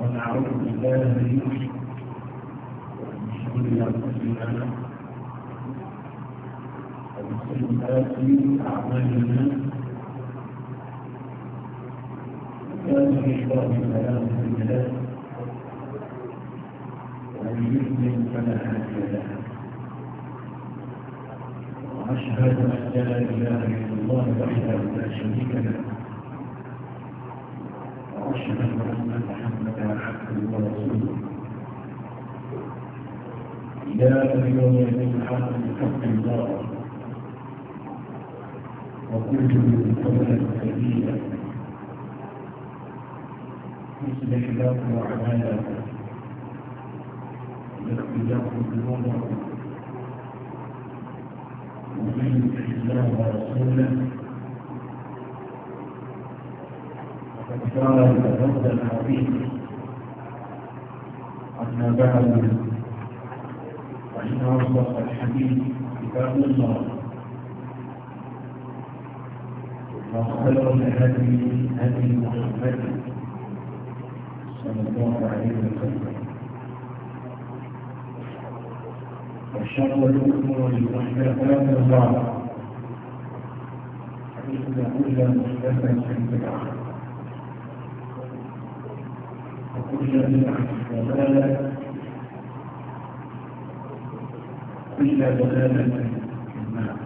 ونعوذ بالله من شرور انفسنا ومن سيئات اعمالنا كان يشرع فلا مضل له ومن يؤمن فلا هادي له وأشهد أن لا إله إلا الله وحده لا شريك له وأشهد أن محمدا عبده ورسوله يا أيها الذين آمنوا اتقوا الله وكنتم قولا سديدا يصلح لكم أعمالكم ويغفر لكم ذنوبكم ونبيه الله ورسوله وقد قال الفرد العظيم أما بعد فإن أصدق الحديث كتاب الله وخير الهدي هدي محمد صلى الله عليه وسلم وشر الأمور محدثاتها فإن كل وكل ضلالة كل ضلالة في النار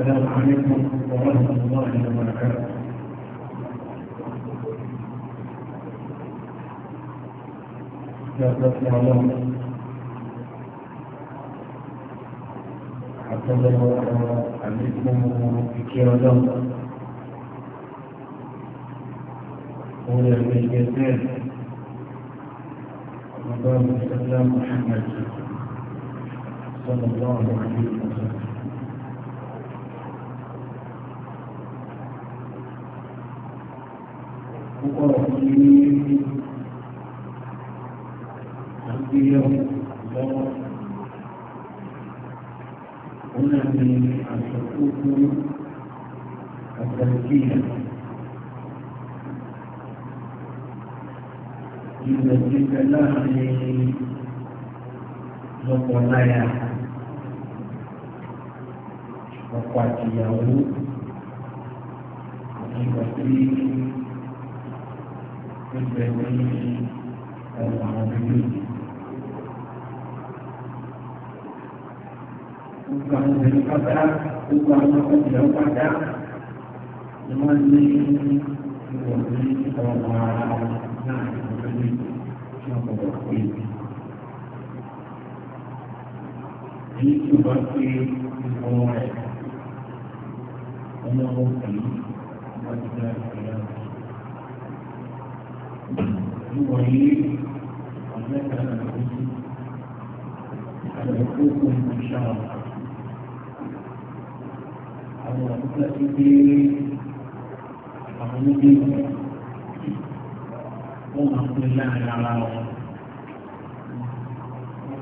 السلام عليكم ورحمة الله وبركاته àti ọ̀dọ́ fún ọlọ́run àtọ́lọ́wọ́ àlékún ìkẹ́ ọlọ́run orí ẹ̀rọ ìgbẹ́ bẹ́ẹ̀ ọlọ́run ìṣẹ́lá Muhammad sọ́nà lọ́wọ́ àti ìṣẹ́lá. Thank you. gbé yẹ̀wò lọ́wọ́. Wọ́n náà ní aṣọ tó kúrú àtàkì yẹn. Ìgbà tí ìgbà náà ní lọ́pọ̀ láyà ọkọ àtìyàwó ìgbà gbogbo àwọn obìnrin pátá gbogbo àwọn ọkùnrin pátá ni wọ́n ní ìwọ̀n ní ọmọ ara náà ìwọ̀n tí wọ́n pé. èyí tí ó bá pé ìwọ̀n rẹ̀ ọmọ ọkùnrin wọ́n ti dá ìpínlẹ̀ rẹ̀. ìwọ̀n yìí ọ̀rẹ́ kan náà ló ń sùn. أن يكون إن شاء الله àwọn àdúgbò àti pé àwọn níbi wọn máa pín láàrin ara wọn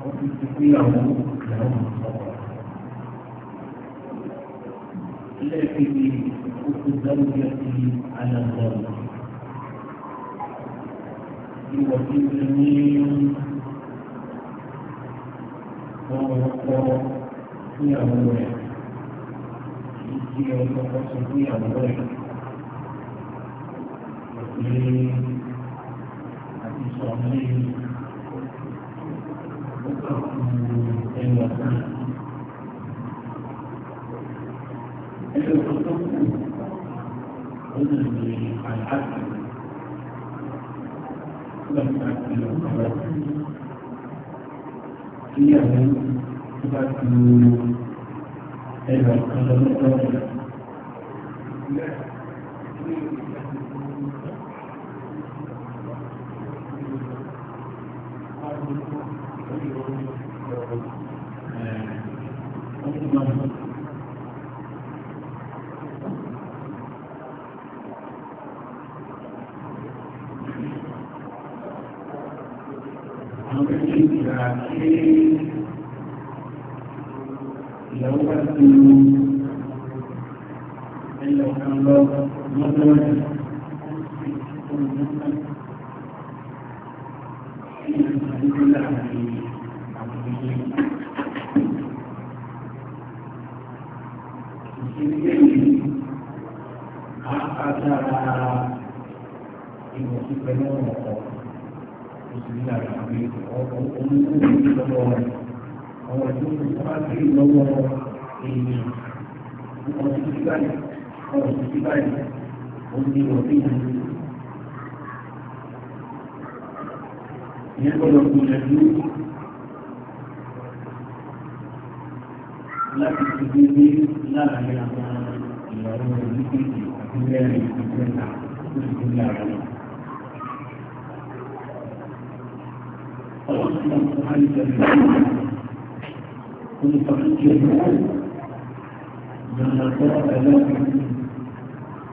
wọn ti ti pé àwọn ìyàwó máa sọ wọn. lẹ́ẹ̀kejì oṣù dáwùjọ ti alàgbọ̀n ìwọ̀ tí ó ní ọ̀rọ̀ ọ̀pọ̀ ìyàwó rẹ̀ tí ẹ kọ́kọ́ ṣe fún ìyàwó rẹ̀ pé àti sọ ní ọkọ̀ ẹni ọ̀sán. Ẹgbẹ́ òkúta kù ó lè lè àyájú lọ́sà Ìyàwó tó bá ti ẹ̀rọ kan lọ́wọ́ ìlú lọ́wọ́ àwọn ìlú ìjọba ti ìlú. ìyẹn gbọ́dọ̀ àti ìpínlẹ̀ náà كل فقير ما ضرب له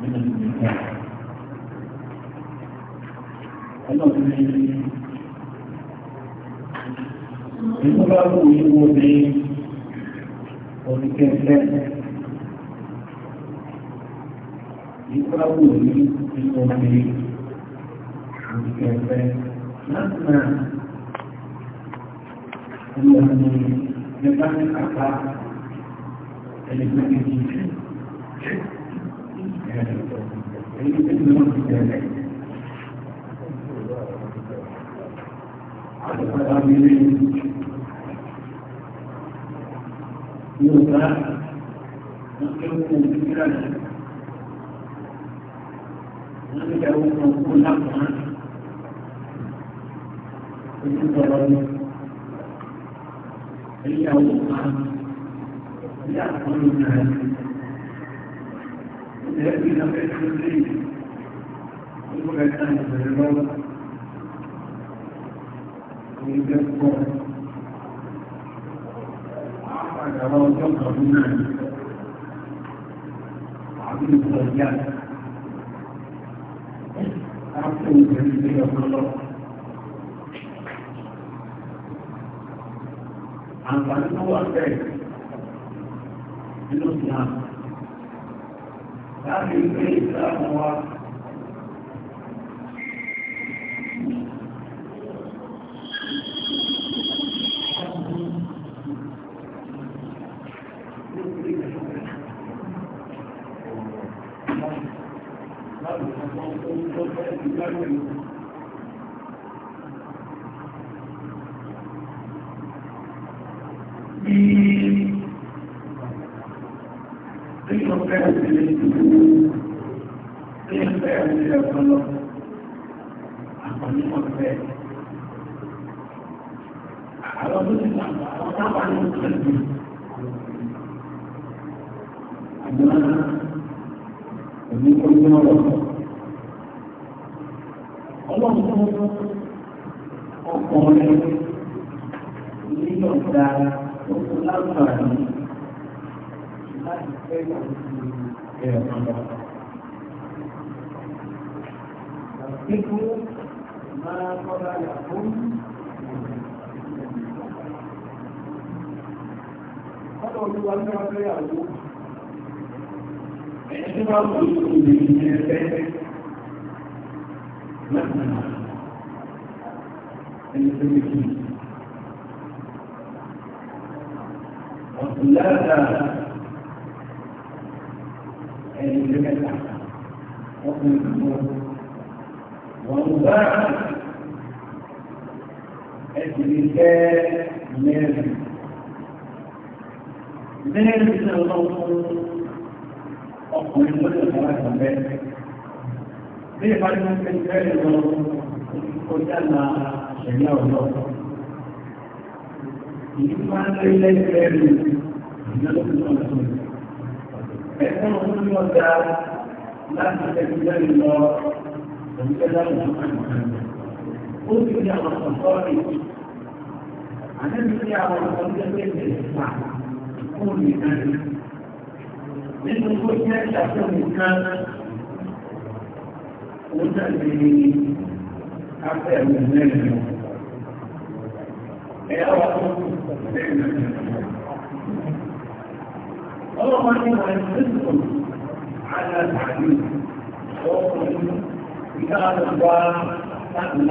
من النكاح ọlọ́pìnrin ìlú bá wù ìwò ní láti àpá ẹlẹgbẹ́ ti bẹ̀rẹ̀. Àtàkàtà ìyàwó kan ní àkọ́lù náà حديث سموه ما قبلكم Ọjọ́ olúwa ní ọjọ́ ìyàwó. Ẹni tí wọ́n kò ní ìrìn ẹgbẹ́ mẹ́sàn-án. Ẹni tí ó ní Ọkùnrin tí wọ́n ọ̀gbá ẹ̀sìn jẹ́ mẹ́rin. Mẹ́rin ní ọlọ́run ọkùnrin lọ́jọ́ ìgbàlágbà mẹ́rin. Bí ìbájú ń pè mẹ́rin lọ kọjá na ṣẹ̀yà ọlọ́run. Ìyí máa ń lé lẹ́gbẹ̀ẹ́rin ìjọba ọ̀sán. Ẹ̀sán ọdún ní ọjà láti ẹgbẹ̀rún lọ قلت لي على الصفاري عملت لي على الصفاري قول لي أنا لأن كل كان يعتبر كان وأنت اللي حتى من هناك يا رب الله ما يمكن على تعليم ìdáhàdọ̀ wá tó wọ́n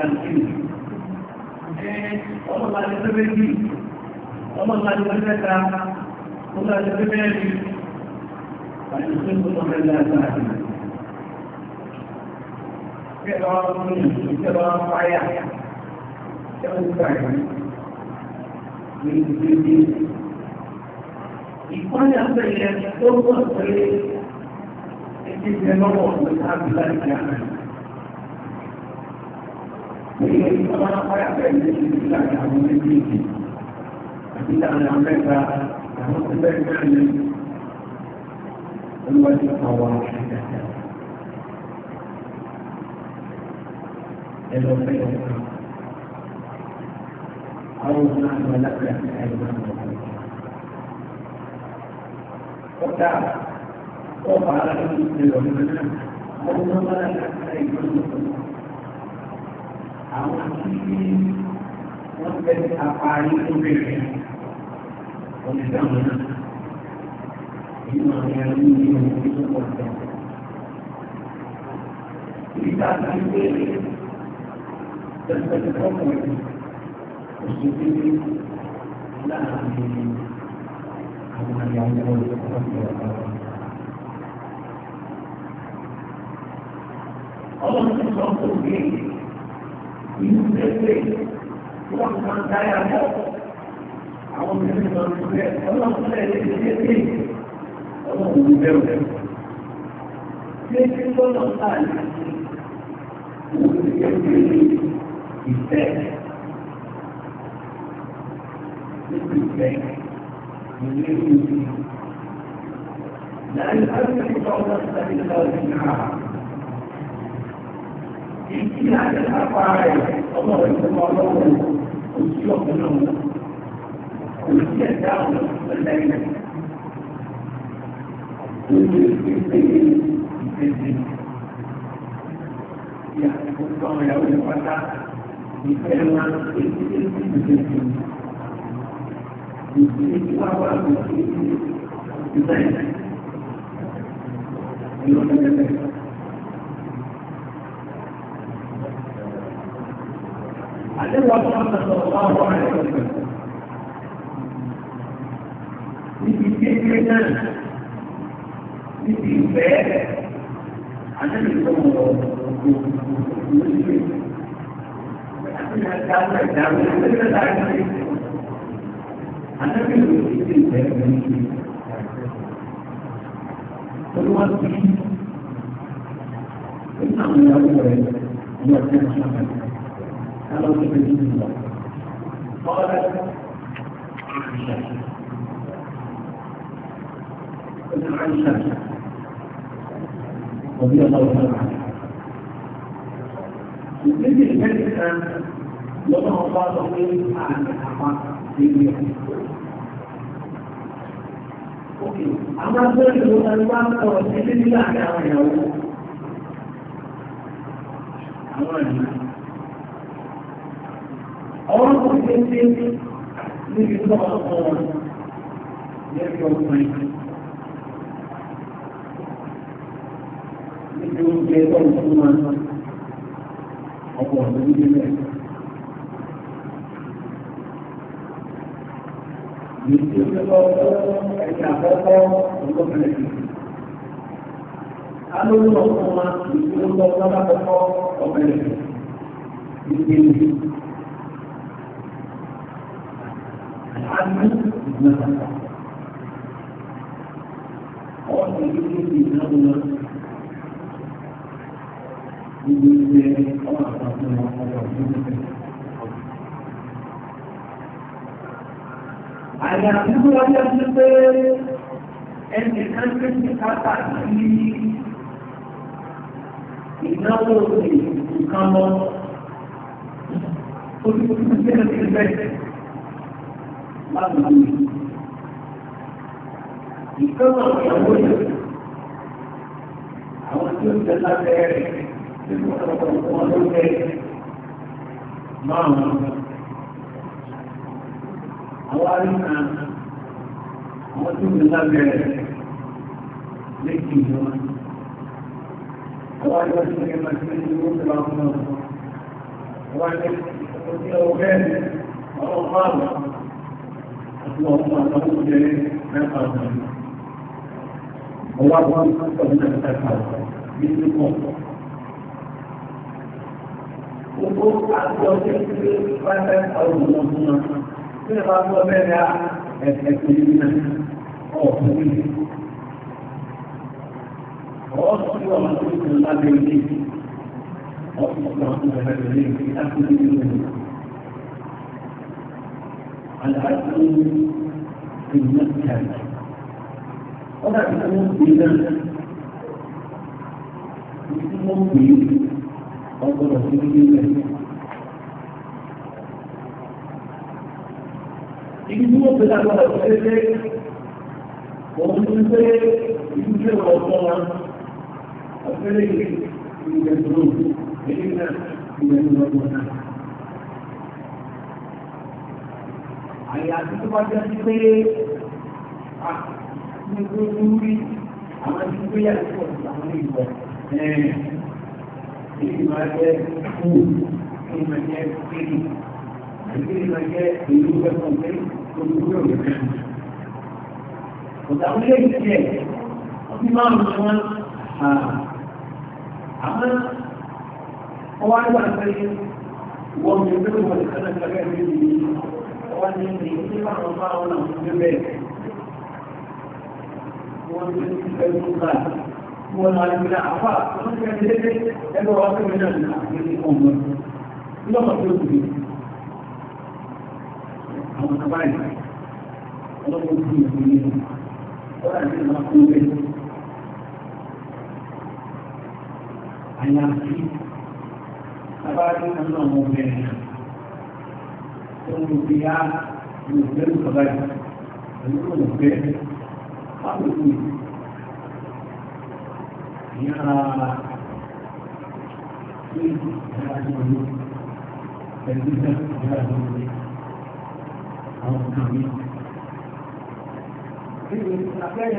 pẹ̀lẹ́ ẹgbẹ́ lọ́wọ́ ọ̀pẹ̀ láti Kota, kota ala itu di dalam mana? Kota mana yang ada di dalam àwọn tí wọ́n fẹ́ apárí obìnrin onídàmọ́ náà nínú àwọn ẹ̀rọ ní ìlú tó pọ̀ jù. Ìgbà tí ó gbé tẹ̀sítẹ̀sítẹ̀ ọkùnrin oṣù tí láàárín àwọn àyàwó ọ̀pọ̀ ọ̀pọ̀. Ọlọ́run ti sọ fún mi ìlú tẹ̀lé wọ́n máa ń dáyà mọ́. Àwọn obìnrin máa ń bẹ̀ ọlọ́run tẹ̀lé tẹ̀lé tẹ̀lé ọlọ́run bẹ̀rù bẹ̀rù. Ṣé kí lọ́nà táàlì òun ti yẹ kí ìfẹ́ nínú ìfẹ́ ìlérí ìlú. Láyé á ń bẹ̀rù bá wọn sáré lọ́wọ́ ìlú náà tí a ti lápá rẹ̀ ọmọ rẹ̀ tó mọ ọlọ́run ojú ọ̀gbọ́n náà kò sí ẹ̀dá ọ̀nà ọ̀lẹ́yìn. Ojú ìpèsè ìpèsè ìyàtọ̀ tó ń yàwó ìpátá ìfẹ́ ńlá èyí tí ó ti ìpèsè ìdílé tí wọ́n wà lókè ìdílé ìdáyà. Ìlú ọ̀gbẹ́gbẹ́. àdéhùn ọ̀sán ti ní àwọn ní ọjọ́ ìṣàkàtà. أنا أتمنى الله قالت عائشة رضي الله عنها الذي الآن لما أصاب من عن الحقائق في اليوم أما ذلك الإمام توسل إلى أعلى يوم أولا àwọn tó ṣe ń ṣe níbi tó wà fún wọn lẹ́bí ọkùnrin níbi oúnjẹ tó ń fún wọn ọkọ̀ ọ̀dọ́ níbi mẹ́rin. Ìjọba ọ̀pọ̀ ẹ̀ka àkọ́kọ́ ọ̀gọ́fẹ̀lẹ̀ kìí. alórí ọ̀pọ̀ wọn ìgbìmọ̀ ọ̀pọ̀ ọ̀pọ̀ ọ̀pẹ̀lẹ̀ ìgbìmọ̀ عنه ابنتك قال يجب في نظرة Àyàtúrú ọjọ́ ti pé ẹni kan tó ti kápá sí ìnáwó ìkan lọ. Olúkúrú jẹ́ márùn àwọn tí ó ń tẹ́lá bẹ́ẹ̀rẹ̀ nínú ọ̀pọ̀ wọn ló bẹ́ẹ̀ márùn-ún. Àwọn àwọn tí Àwọn tí ó ń tẹ́lá bẹ́ẹ̀rẹ̀ ló ń tẹ́lá Àwọn àjọ fún ọmọ àtàkùn jẹ́ mẹ́fà ọ̀sán. Ọwọ́ àwọn akẹ́kọ̀ọ́ ní ẹ̀ka ní ní pọ̀. Gbogbo àgbọ̀ tí ó ti pátá ọ̀rọ̀ lọ العدل في المسكن ولكن إذا مسلم به أو رسول الله Ìgbìmọ̀ tó dára lọ sí ẹgbẹ́ òun tó ń pé ìdúgbò ọ̀pọ̀ wa, ọ̀pẹ́lẹ́ ìgbìmọ̀ ìgbẹ̀rún, èyí náà ìgbẹ̀rún ọgbọ̀n náà. kọjá sí pé ah, ní gbogbo rí àwọn tí ó yà sí ọ̀sán àwọn ìwọ̀ ẹ̀rìn ìgbìmọ̀ jẹ́ fún ìgbìmọ̀ jẹ́ kéèkì ìgbìmọ̀ jẹ́ ìlú ẹ̀kọ́ pé olùgbé òwe kan. Ọ̀sán ilé ìṣẹ́ ọdún márùn-ún ni wọ́n àwọn ọwọ́ àgbà pé wọ́n mú ẹgbẹ́ wọn kánà kánà ní ìlú wọ́n ní ní tí wọ́n lọ bá wọn náà ń bẹ̀rẹ̀ wọ́n ti ti ẹnu ká wọ́n náà ti rà àfà wọ́n ti ẹni lé ẹgbẹ́ wọn tó ń rìn àti ní ọmọ lọ́mọ tó kù ní àwọn kábàáyì ọlọ́mọ tó kù ní wọ́n àti ìlànà kú bẹ́ẹ̀. Àyàfi, abáyé náà lọ́mọ bẹ́ẹ̀ náà. ohun ìgbé á ní ìgbẹ́ ní bàbá ara tí wọ́n lò ẹni tó ń bẹ tí wọ́n lò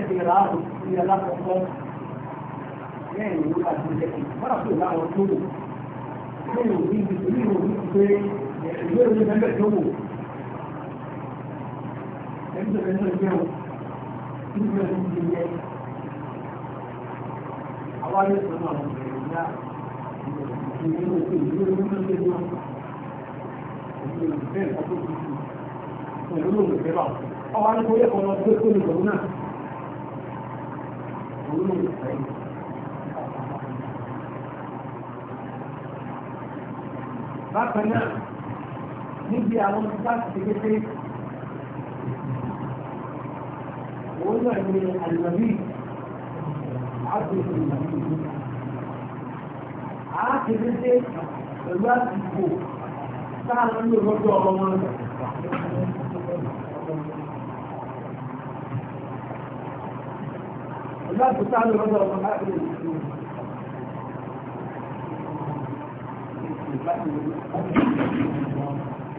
ti rà áàbò sí alákọ̀ọ́kọ́ lẹ́yìn ìwúkà tó ń jẹ́ kí wọ́n rà tó ìwé ìwé mẹ́fẹ̀ tó wò níbi àwọn ìsáàkì kékeré òun náà ní àlùmọ́bí àgbègbè ìlànà àákérété pẹ̀lú àsìkò táàrin ní ọjọ́ ọmọ Ìgbàgbọ́ táàrin lọ́dọ̀ ọmọ láti lè ṣe ìgbàgbọ́.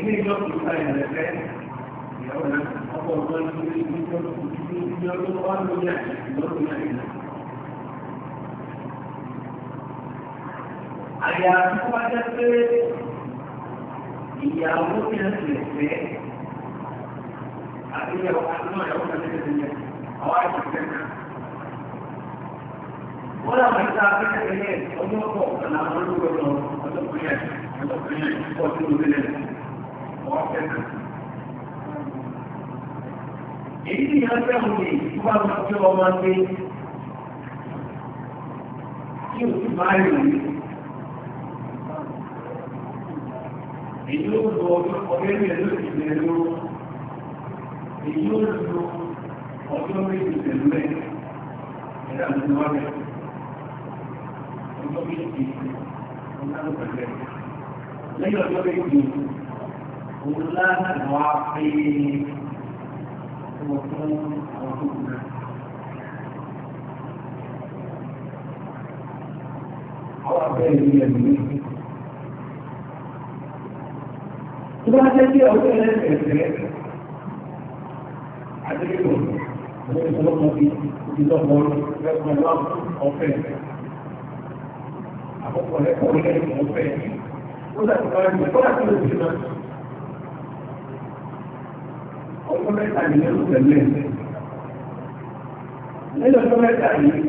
ilé ìjọsìn ìta ìrẹ̀lẹ̀ ìyàwó náà ọkọ̀ ọ̀gbọ́n ní ilé ìjọsìn ìjọ tó wà lórí àìlọ́dún àìlọ́. Àyà tó bá jẹ́ pé ìyàwó ní ẹ̀sìn ìfẹ́ àti ìyàwó àti náà ìyàwó náà lè tẹ̀lé àwọn àìsàn náà. Wọ́n làwọn ìta akẹ́kẹ̀ẹ́ ọjọ́ ọ̀pọ̀ ọ̀pọ̀ làwọn olùgbọ̀n ọjọ́ ìpínlẹ̀ ọjọ́ ìpínlẹ̀ ọjọ́ ìpínlẹ̀ èyí ni a fẹ́ wòye ìgbà tó tí ọmọ gbé tí o ti máa yọ ní èyí ó lọ ọdún ẹgbẹ́ ló ti bẹ̀rẹ̀ lọ èyí ó lọ ọdún méjì pẹ̀lú ẹ ẹ̀dá mi wá rẹ̀ ọdún méjì ọdún méjì lẹ́yìn ọdún méjì òun láti wá pé ọmọ fún àwọn tó kù náà. àwọn abẹ́rẹ́ ní ẹ̀mí ní. tó bá jẹ́ kí ọjọ́ ẹlẹ́sẹ̀ẹ́sẹ̀ adébíyọ̀ ọjọ́ ìfọwọ́pọ̀ ti ti lọ́pọ̀ lẹ́kọ̀ọ́ lọ́pọ̀ ọ̀fẹ́ àkọ́kọ́ lẹ́kọ̀ọ́ lẹ́kọ̀ọ́ ọ̀fẹ́ ó dàgbà ẹgbẹ́ tó láti lè fi náà ọjọ́ mẹ́ta ní ẹ̀rù tẹ̀lé nínú ọjọ́ mẹ́ta yìí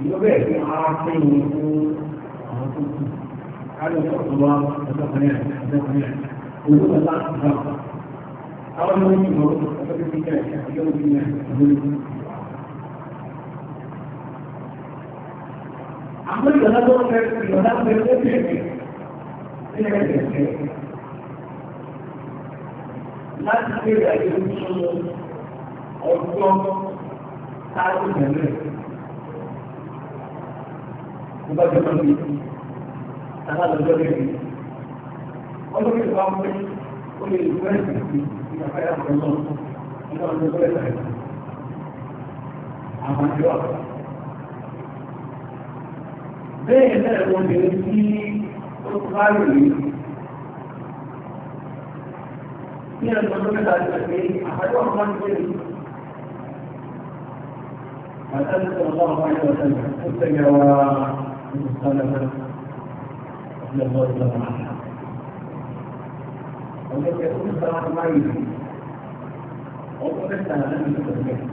ìjọba ẹ̀sìn ara fún un àwọn tó kù káàdùn tó kù wá ọjọ́ kan àwọn ọmọ yìí mọ̀ ọjọ́ tó kù yẹn ọjọ́ tó kù yẹn ọjọ́ tó kù. àwọn ìjọba tó ń fẹ́ ìjọba tó ń fẹ́ ó láti bèrè àyè nínú ọjọ́ táàbù mẹ́lẹ̀. Mo bá jẹ́ lọ́dún yìí, tàbá lọ́jọ́ lẹ́yìn. Ọjọ́ kí ìwà pé ó lè lu ẹ̀sìn sí ìyàfẹ́yà pẹ̀lú ọ̀sán nínú ọjọ́ tó lẹ́sẹ̀ rẹ̀. Àwọn àjọ àgbà. Bẹ́ẹ̀ náà wọ́n lè rí ó bá lè من المنظمة التكوين أحدهم من جنس فالأنس صلى الله عليه وسلم التجوى المختلفة رضي الله تعالى عنها وقد يكون الصلاة معي وقد استهلنا من التكوين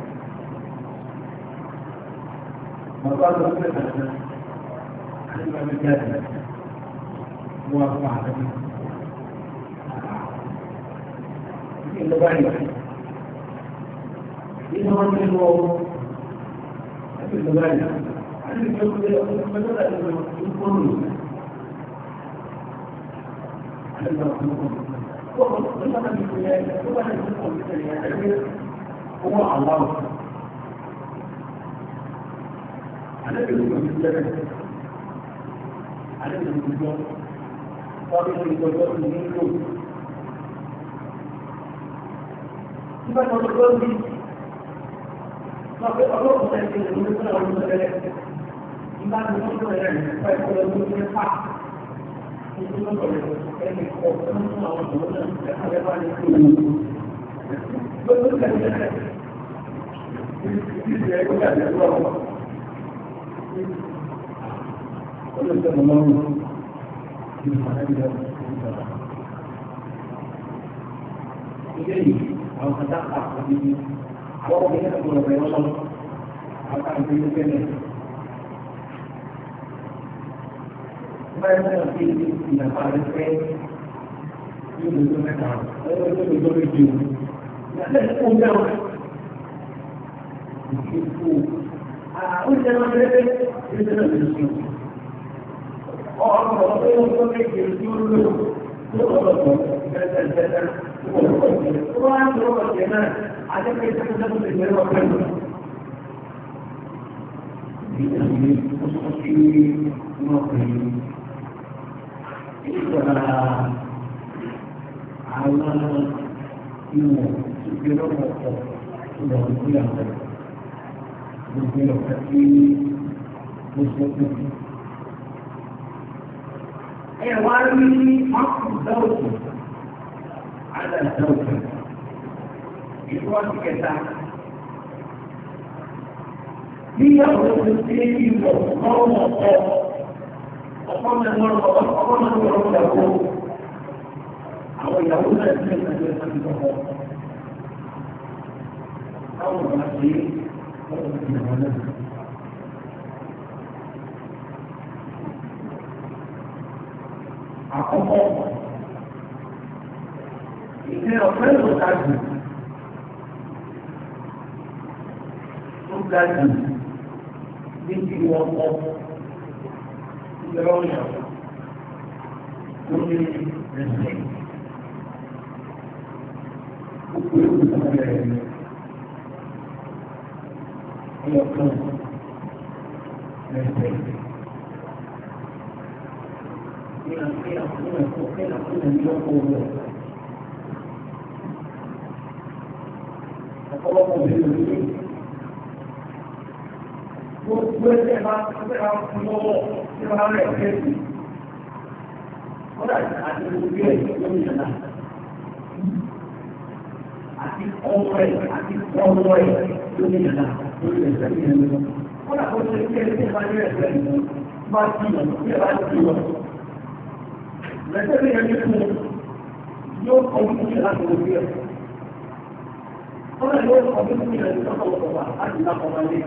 مقال رسول الله عن الإمام الجاهل هو أصبح ìlọ́gbàlẹ̀ nínú wọn ní lọ láti ìlọ́gbàlẹ̀ láti ìlọ́gbàlẹ̀ ọ̀pọ̀lọpọ̀ láti ìlọ́gbàlẹ̀ هو الله على على nígbà tó tó tó bí wọ́n pé ọlọ́pàá ṣe ti lè ní ọ̀rọ̀ ní ọ̀rẹ́ nígbà tó tó tó rẹ̀ nípa ìpínlẹ̀ ní ọ̀rẹ́ pa nígbà tó tó rẹ̀ ẹni kọ̀ fún àwọn ọ̀rọ̀ náà ẹ̀ka lẹ́wà ní ìpínlẹ̀ gbogbo kẹ̀kẹ́ ìdíje ẹgbẹ́ àwọn kan tá àpapọ̀ níbi àwọn ọmọ ìlú ẹ̀kọ́ ọ̀rọ̀ ẹ̀rọ lọ́wọ́ àwọn kan tó yẹ fẹ́lẹ̀. Báyọ̀ náà fi ìyàpá rẹ̀ fẹ́ yóò lè tó mẹ́ta ẹ̀rọ yóò lè tó méjì Ọ̀rọ̀ ọ̀rọ̀ tó rẹ̀ tó bá ń tọrọ ọ̀sẹ̀ náà àjẹpẹ́ ìṣẹ́kọ̀ọ́sẹ́kọ̀ lè bẹ̀rẹ̀ ọ̀pẹ́ lọ. Ìgbàgbé ọ̀sọ̀ sí wọn pẹ̀lú ìgbà àwọn ìwọ̀n ìgbẹ́lọ́pọ̀ ìwọ̀n ìgbéyàwó gbogbo ọkùnrin lọ́wọ́ على الزوجة ìwọ́n kẹta níyàwó ti ṣe ìwọ̀ ọmọ ọ̀pọ̀ ọ̀pọ̀ mẹ́wọ́n ọ̀pọ̀ mẹ́wọ́n ìyàwó àwọn ìyàwó náà ti ṣe ìgbàgbé láti lọ́pọ̀ táwọn ọ̀gá ṣe ọ̀pọ̀ ìyàwó náà àkọ́kọ́ ìṣe ọ̀pẹ́ ló ga jù ó ga jù níbi wọn kọ ìrọ̀yàn lórí ẹ̀sìn gbogbo ìlú rẹ̀ ẹ̀yọ̀kan ẹ̀sìn. Kí ni a fún ẹ̀kọ́ kí ni a fún ẹ̀yọ́kọ̀ọ́ rẹ̀? ọmọ mi lò ní. Gbogbo ẹgbẹ́ máa ń fẹ́ ra fún lọ́wọ́ tí máa rẹ̀ kẹ́sì. Kọ́dà àti gbogbo ẹ̀ gómìnà náà. Àti ọmọ ẹ̀ àti ọmọ ẹ̀ gómìnà náà lórí ẹ̀sẹ̀ ní ẹ̀mí lọ. Kọ́dà kó ṣe kí ẹgbẹ́ máa rẹ̀ ẹ̀sẹ̀ ní máa ti yàn kí ẹ̀ bá ti yàn. Lẹ́sẹ̀ ní ẹ̀mí fún yóò kọ́ fún ìlànà òbí ẹ̀sẹ̀. Ọ̀nà ìjọba wà láti dákọ̀ máa lé.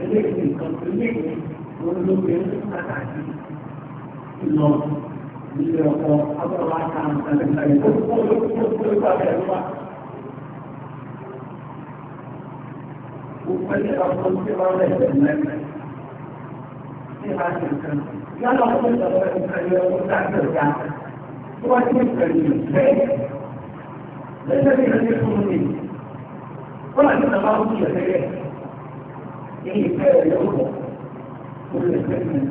Ẹlẹ́yìn nìkan tó lé ní òun ló fi ń pàtàkì lọ ilé ọkọ̀ agbára ká àtàlẹ́ta ليس في هذه الحمودية ولكن ما هو كل شيء يعني كان يقول كل شيء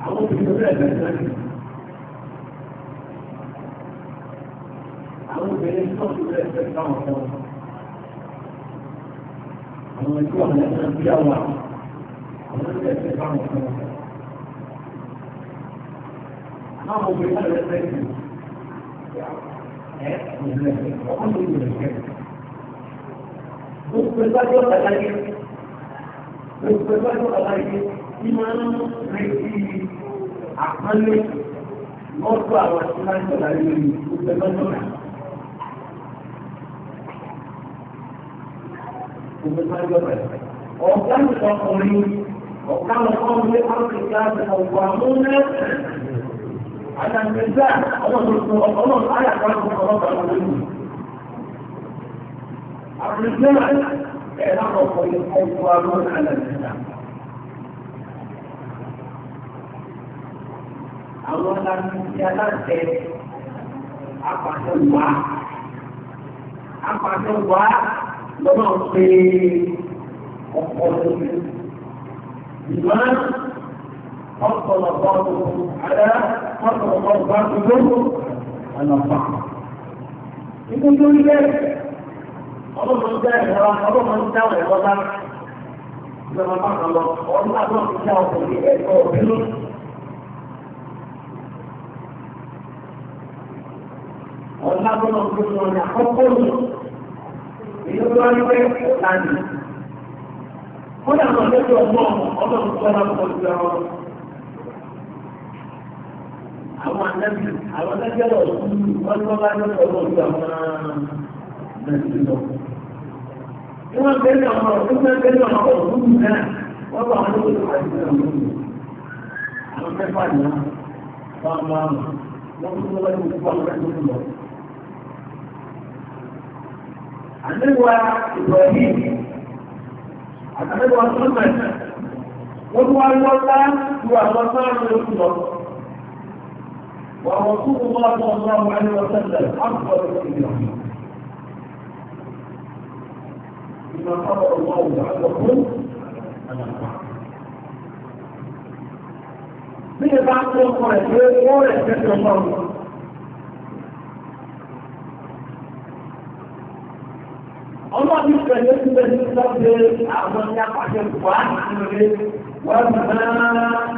عوض بالله من عوض بالله ومن يكون الأسلام بجوع ومن يستطيع ما هو بهذا الفكر Gbogbo ìgbàjọ́ àlàyé, gbogbo ìgbàjọ́ àlàyé, tí máa ń retí àpánlé lọ́dọ̀ àwọn tí máa ń tọ́lá lórí gbogbo ìgbàjọ́ náà. Gbogbo ìgbàjọ́ àlàyé. Ọ̀gá ìṣọ̀kùnrin, ọ̀gá ọ̀gá ọ̀gbẹ́ Áfíríkà ti ọ̀gbà mú náà. على الميزان الله تعالى كلامه خلاص على الرجال علاقة القوانين على الإسلام أولا جلست أقعد الله أقعد الله لنعطي القوانين لمن فضل بعضهم على حتى الله بعد ذنبه أن أصحى يكون دون ذلك الله من ذلك الله من ذلك الله لما قال الله والله ما في شاوة àkọ́kọ́ lò èyí tó wá nípa àwọn anábì àwọn anábì bá ní ọ̀rọ̀ ìgbà bẹ̀rẹ̀ àwọn ọ̀rọ̀ bẹ̀rẹ̀ àwọn ọ̀rọ̀ kúrú wọ́n bá wọn tó àti ìgbà Àwọn mẹ́fà ni wọ́n wọ́n tún lọ́wọ́ ní ìfọ̀ àwọn ورسول الله صلى الله عليه وسلم أفضل الإبراهيم بما قرأ الله تعالى قل أنا من بعد القرآن ولا يستطيع الله Allah ti pẹ̀lú ẹgbẹ́ ní sọ́dẹ̀ àwọn ní apáṣẹ ìpàdé wọ́n máa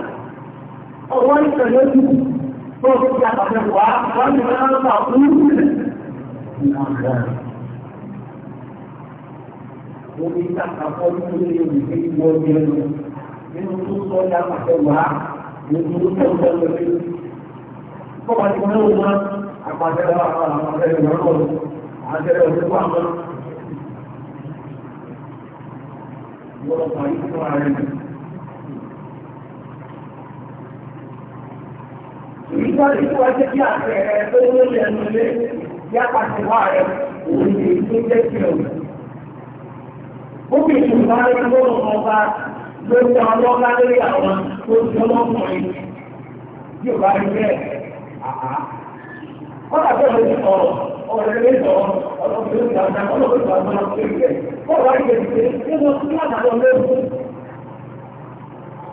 ọwọ́ ìtẹ̀lẹ́ jù tó ti àpàtẹ̀ wá wọ́n ti máa ń pa òun Omi ìtàkàkọ́ ní ilé ìwé ìwọ ìrìnà nínú tó sọ ní àpàtẹ̀ wá nínú tó sọ ní ọjọ́ ìlú. Kọ́wàá ti mọ́ ní wọn àpàtẹ̀ wá àpàtẹ̀ ìrànlọ́wọ́ àpàtẹ̀ ìrànlọ́wọ́ àpàtẹ̀ ìrànlọ́wọ́ ìgbà tí wọ́n jẹ́ kí àpẹẹrẹ tó ló lè ẹnu lé yápa sí rẹ̀ òun lè tó jẹ́ sí ọ̀rọ̀. Ó fi ìṣùgbọ́n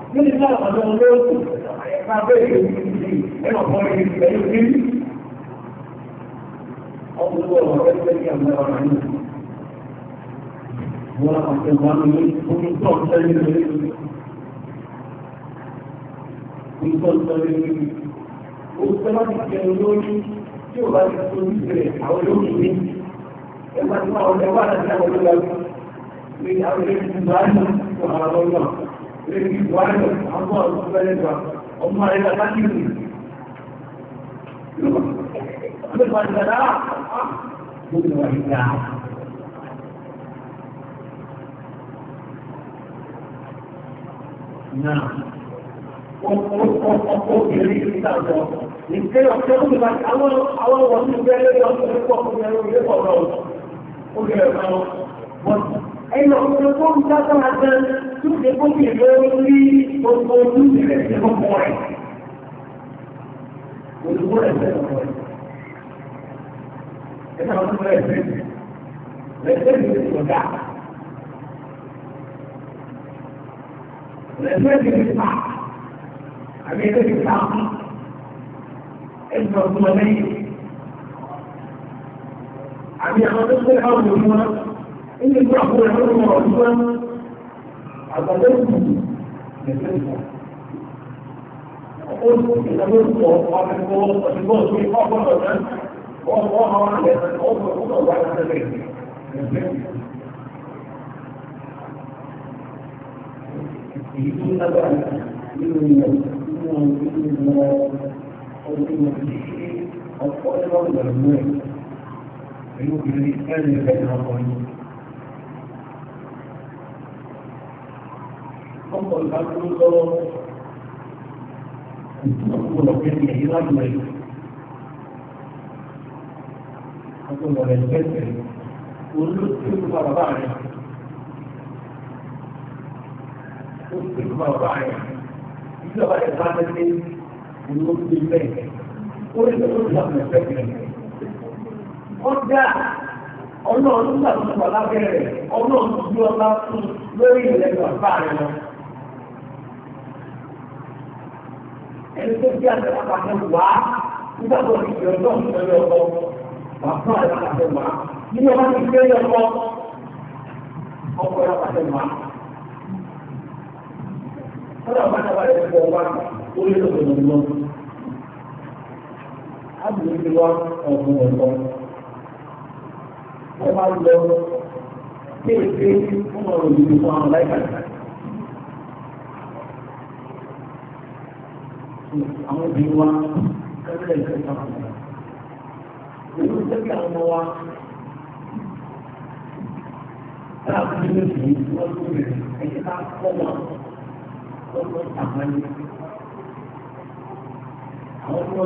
rẹ̀ lọ́wọ́ Wọ́n á ṣe wá ní orí tó ń tẹ́lẹ̀ lórí. Orí tó ń tẹ́lẹ̀ lórí. Ó tẹ́ láti jẹun lórí tí ó bá ti tó ní ìrẹ̀ àwọn olóògùn ní. Ẹ máa ti máa ọ̀rẹ́ wà láti àwọn olóògùn. Ní àwọn ọmọ rẹ̀ bàbá ní ìlú. Àwọn ìgbà ìgbàdá ó ti wà nígbà. Náà, ọkọ̀ obìnrin ìgbà jọ. Nìkẹ́ ọ̀kẹ́ ó ti bá àwọn ọ̀wọ̀n ní ìgbẹ́ lórí ọ̀sẹ̀ púpọ̀ fún ẹ̀rọ ilé pọ̀ lọ. Ó bẹ̀rẹ̀ lọ. Ẹ̀yọ̀ ọ̀pọ̀lọpọ̀ ń dá sọ́ra gan-an. tó ṣe kó sì ló rí gbogbo ojú rẹ̀ nínú fún rẹ̀. Olùkó rẹ̀ fẹ́ràn rẹ̀. Ẹ náà wọ́n fẹ́ràn rẹ̀ rẹ̀ fẹ́ràn rẹ̀ sọ̀dá. Rẹ̀ fẹ́ràn rẹ̀ sà. Àbí ẹgbẹ́ ti sà kú. Ẹ jọ fún ọ lẹ́yìn. Àbí àwọn tó fẹ́ràn rẹ̀ wọn. Ilé ìgbà kúrẹ̀ ló ń wọ̀ ọ̀dúnwọ́n. àgbàdẹ́kùn nìkẹ́kọ̀ọ́. Ó ní ìdánilẹ́kọ̀ọ́ ọ̀pọ̀lọpọ̀ ọ̀pọ̀lọpọ̀ sí ọgbọ̀nọ̀ náà, ọ̀pọ̀ àwọn àgbẹ̀rẹ̀ ọgbọ̀nọ̀ wà lẹ́sẹ̀lẹ̀ Èyí tó lágbára nínú ìyẹn nínú ìlú ọkọ̀ ìdájọ́ lọ́wọ́ ọkọ̀ ìpínlẹ̀ yìí láti ọkọ̀ ìrọ̀lẹ̀ ìgbẹ́sẹ̀ olóòtú bàbá rẹ̀ ó sì bàbá rẹ̀ ìjọba rẹ̀ bá tẹ́lẹ̀ olóòtú ìfẹ́ ó lè lọ́wọ́ ìlànà ìfẹ́ rẹ̀ ọjà ọlọ́run nígbà tó ọlọ́run tó gbé lórí ìlẹ́nu àbá rẹ̀ lọ. ẹni tó bí àtàkà fún wa nígbà tó ti jẹ ọjọ́ ìṣẹ̀lẹ̀ ọkọ wà fún àtàkà fún wa nínú ọmọ ti gbé ọkọ ọkọ yà pàṣẹ wa. Kọ́lá ọ̀gbọ́n àbáyé ẹ̀fọ́ wa ó lé lọ́dọ̀ lọ́dọ̀. Ábùdó ti wá ọ̀gbọ̀n ọ̀gbọ̀n. Wọ́n máa lọ kéèké fún ọ̀rọ̀ ìdìbò àwọn aláìkàtà. kù àwọn obìnrin wa kẹ́lẹ́ ìjọba àwọn ọmọ wa. Táà kú ní oṣù yìí wọ́n tún bẹ̀rẹ̀ ẹ̀jẹ̀ ká kọ́ wọn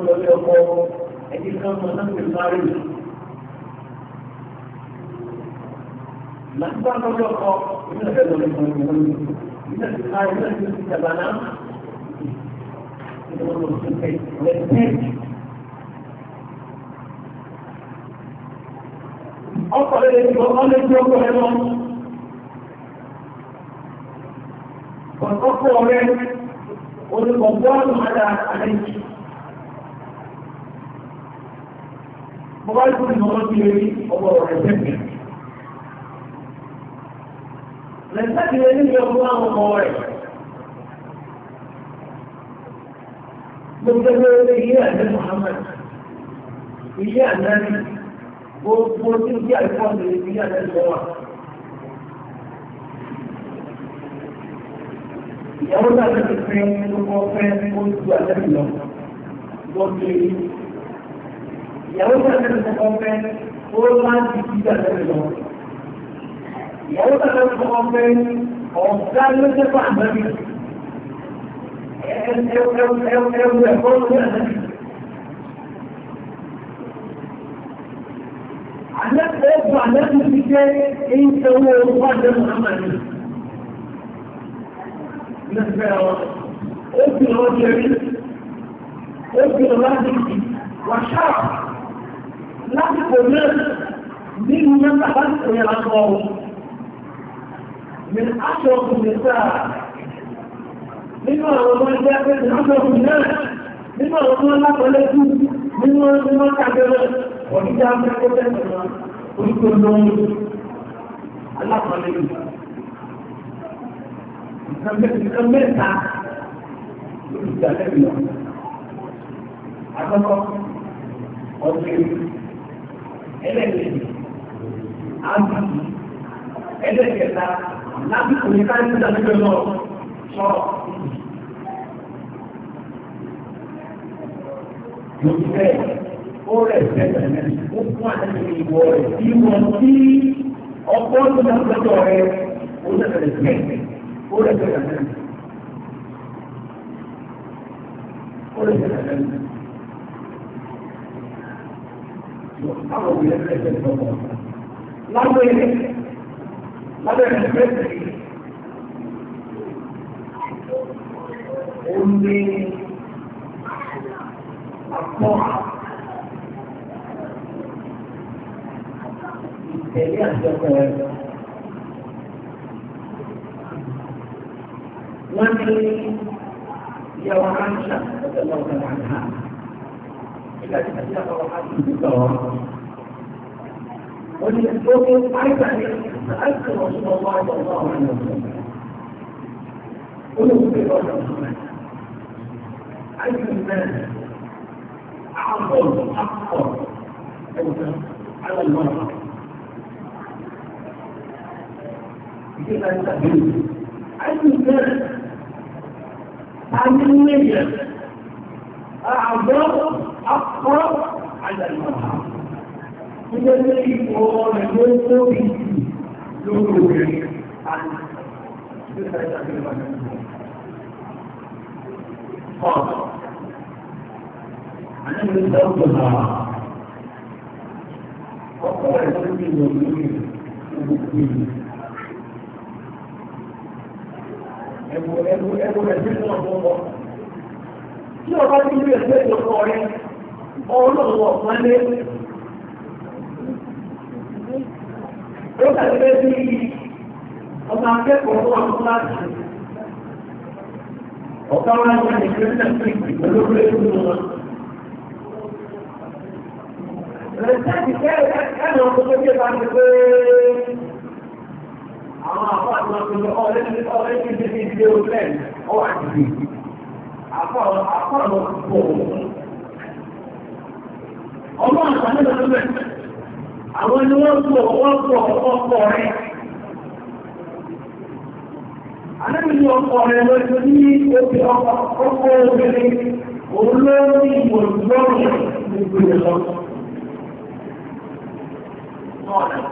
lọ lé ọkọ ẹ̀jẹ̀ ká mọ láti sáré. Làǹtà lọ́jọ́ kọ, ìgbésẹ̀ lọ́jọ́ kọ, respect. ọkọ̀ lè ti bọ́ ọ́n lè tí ó kọ́ ẹ lọ. ọ̀kọ́ ọ̀rẹ́ olùkọ́ bọ́ọ̀lù mọ́ta àlejò. mo bá kú ìmọ̀ ti lè rí ọgbọ̀ ọ̀rẹ́ tẹ́lẹ̀. lẹ́sẹ̀ ti lè ní ìyọ̀kú àwọn ọmọ rẹ̀. gbogbo ẹgbẹ́ ilé àná Muhammad ilé àná ni gbogbo tí ó àìkọ́ ní ilé àná ni wà. ìyàwó náà ló ti fẹ́ gbogbo ọ̀fẹ́ ó ju àná ni lọ lọ́dún èyí. ìyàwó náà ló ti fọ́ ọ̀fẹ́ ó máa ń di ju àná lọ. ìyàwó náà ló ti fọ́ ọ̀fẹ́ ọ̀gá ló jẹ́ fún àná mi eu, eu, eu, eu lórí ànábì. Àlẹ́kọ̀ọ́ ẹ̀kọ́ àlẹ́kù ti jẹ́ èyí tó wọ orúkọ àjẹ́ Mùhàmmadu. Lẹ́sẹ̀ ọ̀, ó fi lọ́wọ́ jẹrí, ó fi lọ́wọ́ àdìsí, wàṣà lásìkò náà nínú mẹ́ta lásìkò yẹn lásìkò ọ̀hún. Mẹ́ta aṣọ ọkùnrin sáà nínú àwọn ọmọ ẹgbẹ́ pé ìrọ́sọ̀rọ̀ náà nínú àwọn ọmọ alápọ̀lẹ́kù nínú ọmọ kàbẹ̀rẹ̀ ọ̀dídá akẹ́kọ̀ọ́ orúkọ lọ́wọ́ alápọ̀lẹ́kù. Nǹkan mẹ́ta olùdálẹ́bí lọ. Àkọ́kọ́ ọ̀gbìn ẹlẹ́gbẹ̀ẹ́ àbùkù ẹlẹ́gbẹ̀ẹ́ta lábùkù ní káyọ̀ nígbà nígbà náà sọ̀rọ̀. Lójú bẹ́ẹ̀, ó rẹ̀ bẹ́ẹ̀ bẹ́ẹ̀ ó fún àtẹ̀lẹ́ ìwọ rẹ̀ bí wọ́n tí ọkọ̀ tó náà gbẹ́jọ rẹ̀ ó lẹ̀bẹ̀rẹ̀ bẹ́ẹ̀ ó rẹ̀ bẹ́ẹ̀ bẹ́ẹ̀ ó rẹ̀ bẹ́ẹ̀ bẹ́ẹ̀ Lábẹ́ lábẹ́ ìgbésẹ̀ أمي الطاعة ومن يوم عائشة رضي الله تعالى عنها إلى أن أتلقى وحاجة بالدوام وللفوق عايز أن أذكر رسول الله صلى الله عليه وسلم قلوب بالرسول أي الناس أعظم أكثر حرصا على المرأة كيف التأهيل أي الناس تعليميا أعظم أكثر على المرأة إذا الذي هو مجنون به لوجه عن كيف التأهيل قال Ẹ̀bù ẹ̀bù ẹ̀bù ẹ̀bù náà tó wọ̀. Tí ọba ti rí ẹgbẹ́ ìjọpọ̀ rẹ̀, ọlọ́wọ̀ pálẹ́. Ó tàbí bí ọmọ akẹ́kọ̀ọ́ tó mẹ̀sáàjì kẹ́ẹ̀kẹ́ ọkọ̀ tó gbé bá ti pé àwọn àpá àwọn akọ̀lẹ̀ ọ̀rẹ́ ọ̀rẹ́ ti ti fi ṣe olẹ́ ọwà ti di àpá àwọn pọ̀ ọmọ àtàlẹ́ lọ́dọ́dọ́ àwọn ni wọ́n pọ̀ wọ́n pọ̀ ọkọ̀ rẹ̀ Àdébìnrin ọkọ̀ rẹ̀ lọ́jọ́ ní oṣù ọkọ̀ obìnrin òun ló ní ìwòlùmọ́rùn-ún gbogbo ìlọ́pọ̀. قال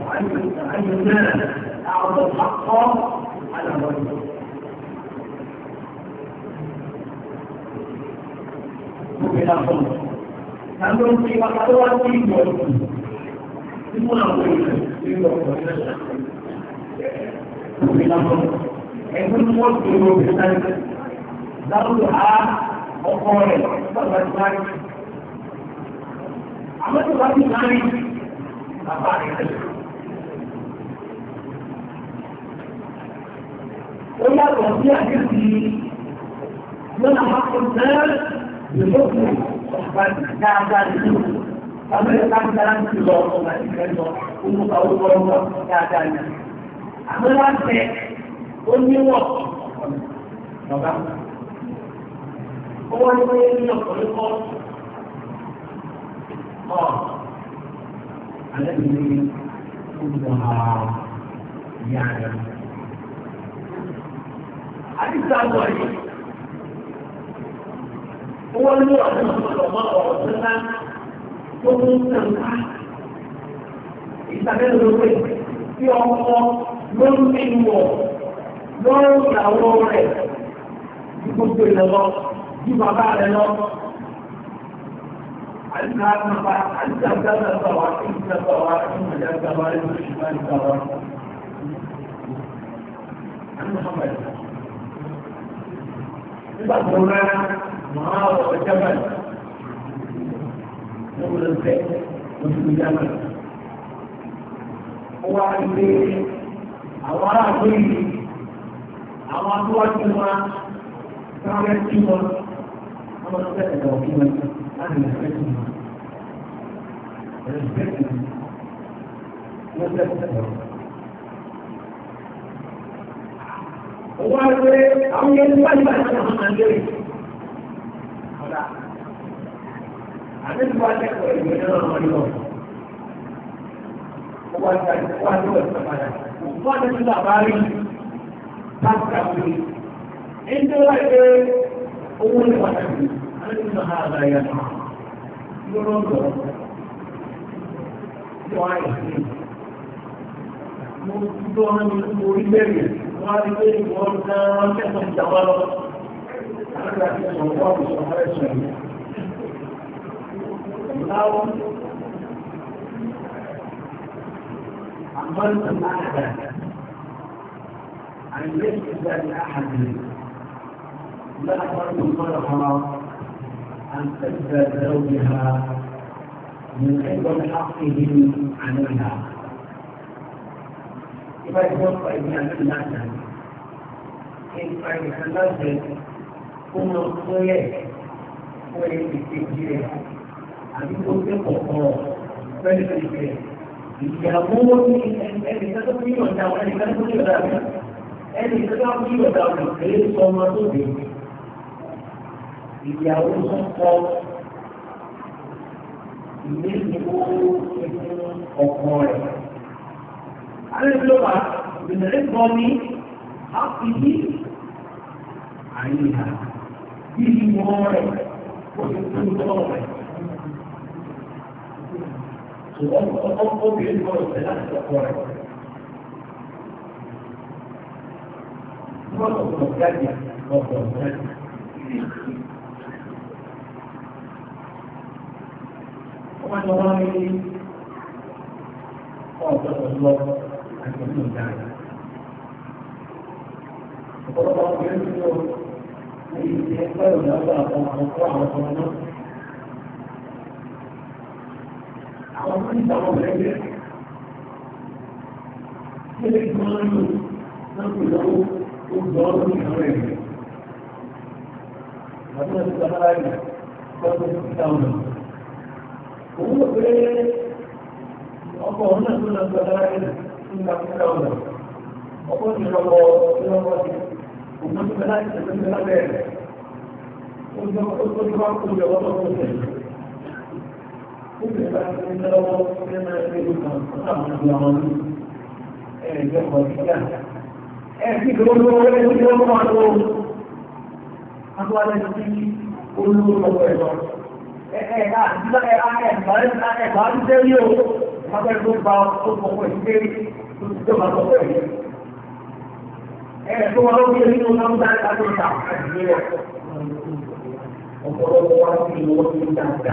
وأن الناس أعرض الحق على الرجل وبلا خلق namun di pangkalan timur semua boleh timur boleh bilang ẹgbẹ́ tí wọ́n ti lò bí sáré láwùjọ á ọkọ rẹ̀ bàbá ti sáré. Àwọn tó bá ti sáré bàbá rẹ̀ tẹ̀lé. Ó yàtọ̀ sí àdéhùn yìí lọ́nà àpapọ̀ náà lòlókùn ọ̀pá dáadáa nínú. Àwọn ẹ̀ka ti dára ń ti lọ ọ̀pá ìfẹ́ lọ, ó mú ká ó wọ́n wọ́n dáadáa nínú. Àwọn ẹ̀ka ti ó níwọ̀n lọ́ba ó wá wáyé ní ọ̀pọ̀lọpọ̀ kọ́ọ̀tù ọ̀ alẹ́ mi ní gbogbo ìyá rẹ̀. Àdìsá wọ̀ yìí wọ́n ní ọ̀dọ́ ọ̀dọ́ ọ̀dọ́ ńlá tó ń sàn ká. Ìsàbẹ̀lẹ̀ ló pé kí ọkọ ló ń bí wọ̀ lọ́wọ́ ìyàwó rẹ̀ ju gbogbo ilẹ̀ lọ ju bàbá rẹ̀ lọ. Àyíká nàbà àyíká dáná sọ̀rọ̀ àti ìjọba sọ̀rọ̀ àti ìjọba sọ̀rọ̀ àti ìjọba sọ̀rọ̀. Nígbà tó rẹ̀ máa wọ̀ ọjọ́ bẹ̀rẹ̀. Mo lè fẹ́ mo ti gbé jáde. Ó wá ní àwọn aráàlú yìí àwọn atúwájú wa sáré sí wọn àwọn tó bẹ̀rẹ̀ lọ kí wọn láti lè fẹ́ sí wọn. Respect them. Respect them. Owó àgbẹ̀ àwọn yẹn wáyé báyìí náà máa ń lérè. Ọ̀dà. Àdéhùn wa lẹ́kọ̀ọ́ ìwé náà wọ́n lọ. Owó àgbẹ̀ wá lọ́wọ́ ìsọ̀padà. Òkú àdéhùn làbárí káàkiri nítorí wáyé pé owó ní pàtàkì alẹ́sìn náà ha àgbà yà náà lọ́rọ́ lọ sí wọ́n ayọ̀ sí mo ti tó wọn ní mo rí bẹ́ẹ̀rẹ̀ wọ́n á rí pé ìwọ́n náà wọ́n kẹ́kọ̀ọ́ ìjàmbá lọ láti àti ìwọ̀n wọ́n kò sọ fẹ́rẹ̀ sọ̀rọ̀ láwọn àmọ́ ìtàn náà dáadáa. عن ليس لأحد لا تكون فرحة أن تثبت زوجها من أيضا حقه عليها إذا توفى ابن ثلاثة كيف أن ثلاثة كنا قوية قوية بالتجير عندهم بقوة بل بالتجير يقول أن تكون يوم تكون يوم ẹni tó bá kí ọ̀dà òkèlè sọ ọmọ tó dé ìyàwó tó kọ ìwé ìwò ìfún ọkọ rẹ̀. Alẹ́bílọ́wà ìbẹ̀rẹ̀ gbọ́ ní àfihì àyíká bí ìwọ rẹ̀ kò tó tó tọ́ rẹ̀. Ṣùgbọ́n ọkọ̀ obìnrin gbọ́dọ̀ tẹ̀lé àti ọkọ rẹ̀. Wọ́n lọ wá ní ọ̀dọ́ lọ àti ọdún ìdára. Ọ̀pọ̀lọpọ̀ ọmọ ẹni tó ní ìdí ẹgbẹ́ ìrìnàjò àwọn ọmọ àwọn ọmọ náà. Àwọn ọmọ ìgbàlọ́ ó jọ ọ́ lórí ìlú rẹ̀ rẹ̀. Àbúrò ti sọ lára rẹ̀ lọ́dún sí táwọn. Òun rò pé ọkọ̀ òun náà tó lọ sọ lára rẹ̀ sí táwọn. Ọkọ̀ ti lọ́wọ́ tí wọ́n wọ́n ti. Òun tó fẹ́ láti tẹ̀sán lábẹ́ rẹ̀. Ó ti wá kó jọ ọ́ lọ́wọ́ tẹ̀lé. Ó ti bá ti ń ẹ̀sí gbogbo owó tí ó mọ́ lọ agbára ti olówó lọ́wọ́ ẹ̀rọ ẹ̀ẹ̀ká ẹ̀ẹ̀ká ti tẹ́ yóò máa tó gba ọkọ̀ ìgbé tó ti tó máa tọ́kọ̀ ẹ̀yẹ ẹ̀ẹ̀ tó wọn ló ń gbé nínú náà ń dá ẹ̀ka tó ta àdìyẹ rẹ̀ ọ̀pọ̀lọpọ̀ wá sí ìwọ́n tó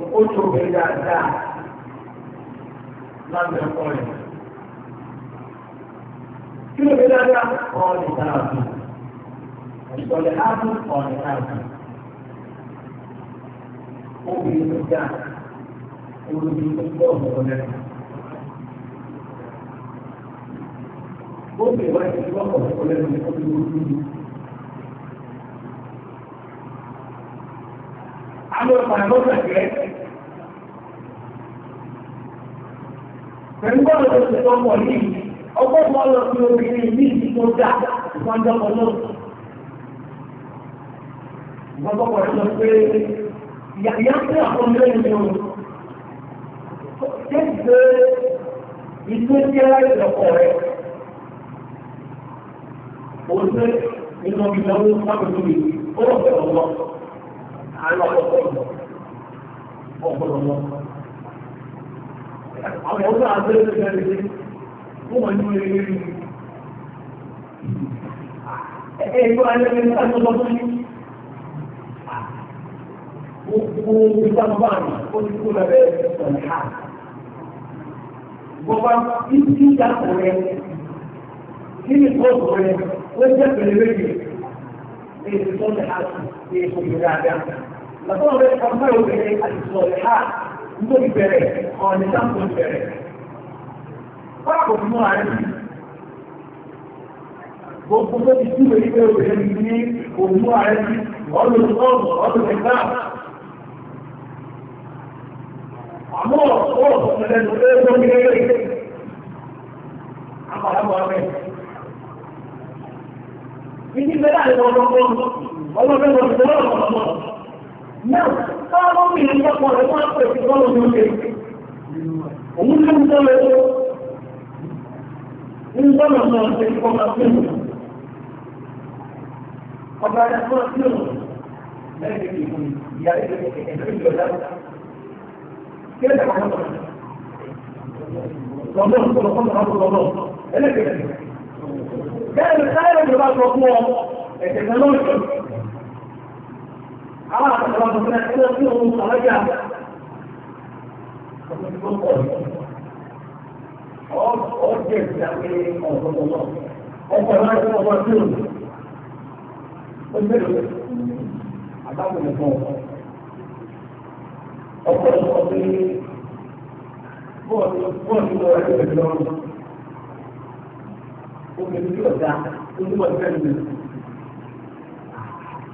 ó tó bí dáadáa lábẹ́ ọkọ rẹ̀. Kí ló bí dáadáa? Ọ̀ọ́nì táàbù. Ìsọ̀lẹ̀ áàbù ọ̀ọ́nì táàbù. Obìnrin ló dáa. Olùbí ló gbọ́ ọ̀dọ́ lẹ́nu. Obìnrin wáyé ti gbọ́ ọ̀dọ́ lẹ́nu ní ọdún olúdúró. Àwọn ọ̀pọ̀ àgbọ̀dọ̀ jẹ́ pẹ̀lú bọ́ọ̀lù tó ti tọ́ pọ̀ yìí ọgbọ́n bọ́ọ̀lù tí obìnrin yìí ti tó dà ìpọ́njọ́ kan náà. wọ́n bọ́ pọ̀ sọ pé yàtí àti àkọ́ńdé ni o kéde ìgbé jẹ́ ìlọ́kọ̀ rẹ̀ òṣè nínú ìdánwò sábẹ̀lú ọ̀pọ̀lọpọ̀ ọ̀pọ̀lọpọ̀ àwọn ọgbà àgbẹ̀rẹ̀ tẹ̀lé ó wọ́n ní orí rí ẹgbẹ́ alẹ́gbẹ́ ní àjọ́gbọ́n tó ní gbogbo ìsàmùbáàmì ó ti kó lẹ́bẹ̀ẹ́ ẹ̀sẹ̀ ha gbọ́gbá títí ìdàpọ̀ rẹ̀ kí ni kóòtù rẹ̀ ó jẹ́ pẹ̀lú méjì èyí tó ń ha èyí tó ń ha dáadáa lọ́tọ́ rẹ̀ ọgbẹ́ òkèèrè àti sọ̀rọ̀ ha ló bẹ̀rẹ̀ ọ̀nà ìsáǹkó bẹ̀rẹ̀. Kọ́lá kò fún ààrẹ mi. Gbogbo tó ti túwé ilé obìnrin mi ní òmú ààrẹ mi, ọdún ọ̀gbọ̀n, ọdún ẹ̀gbá. Àmọ́ ọ̀pọ̀ ọ̀pọ̀ lẹ́nu lẹ́gbọ́n ní eré. Àpàlábọ̀ abẹ́. Ìdí bẹ́ẹ̀ láti ọlọ́gbọ́n, ọlọ́gbọ́n ọlọ́gbọ́n ọlọ́gbọ́n. Náà Báwo ló fi ìrìn pọ̀ rẹ̀ wọ́n pè sí bọ́ọ̀lù ní oṣù? Òun ló ń tọ́lọ tó. Ní bọ́ọ̀lù náà ṣe kí ọba fíìmù. Ọba rẹ̀ fún fíìmù. Lẹ́yìn ìgbìmọ̀ ìyá rẹ̀ ẹ̀dọ́ ìjọba. Kí ló dé àwọn ọmọ rẹ̀? Lọ́dọ̀ lọ́dọ̀ lọ́dọ̀ lọ́dọ̀ ẹlẹ́gbẹ̀rẹ̀. Bẹ́ẹ̀ni, káyọ̀ ìjọba ọ, àwọn àtàkùn àwọn ọmọ ẹgbẹ́ tí ó ń sọ̀rọ̀jà ọ̀jẹ̀ ìjàpé ọ̀pọ̀lọpọ̀ ọkọ̀ náà tó ọmọ tí ó ń ó ń bẹ̀rẹ̀ àtàkùn ẹ̀kọ́ ọkọ̀ ọ̀pọ̀ pé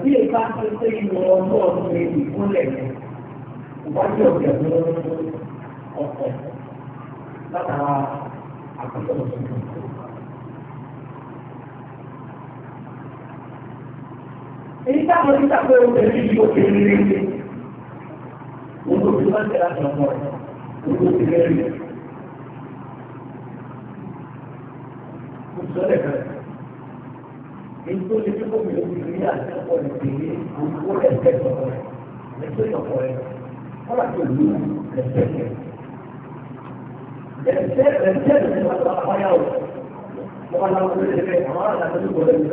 Bí ìka ti ṣe ìwọ ọjọ́ ọ̀sẹ̀ ìkúnlẹ̀ ìwájú ọ̀gẹ̀ ló ń ọ̀pọ̀ látara ti tàbí obìnrin yìí ó ètò lè fi kóbi lóbi ìrírí àti ọ̀pọ̀ ìrírí olùkó ẹ̀fẹ́ ọ̀pọ̀ rẹ̀ lẹ́tọ́ ìyọ̀pọ̀ rẹ̀ kọ́lá tó lù ú ẹ̀fẹ́ rẹ̀. ẹ̀fẹ́ ẹ̀fẹ́ rẹ̀ wọ́n tó apáyà o wọ́n á lọ́wọ́ lórí ẹ̀fẹ́ àwọn àgbàdo tó gbọ́dọ̀ lọ.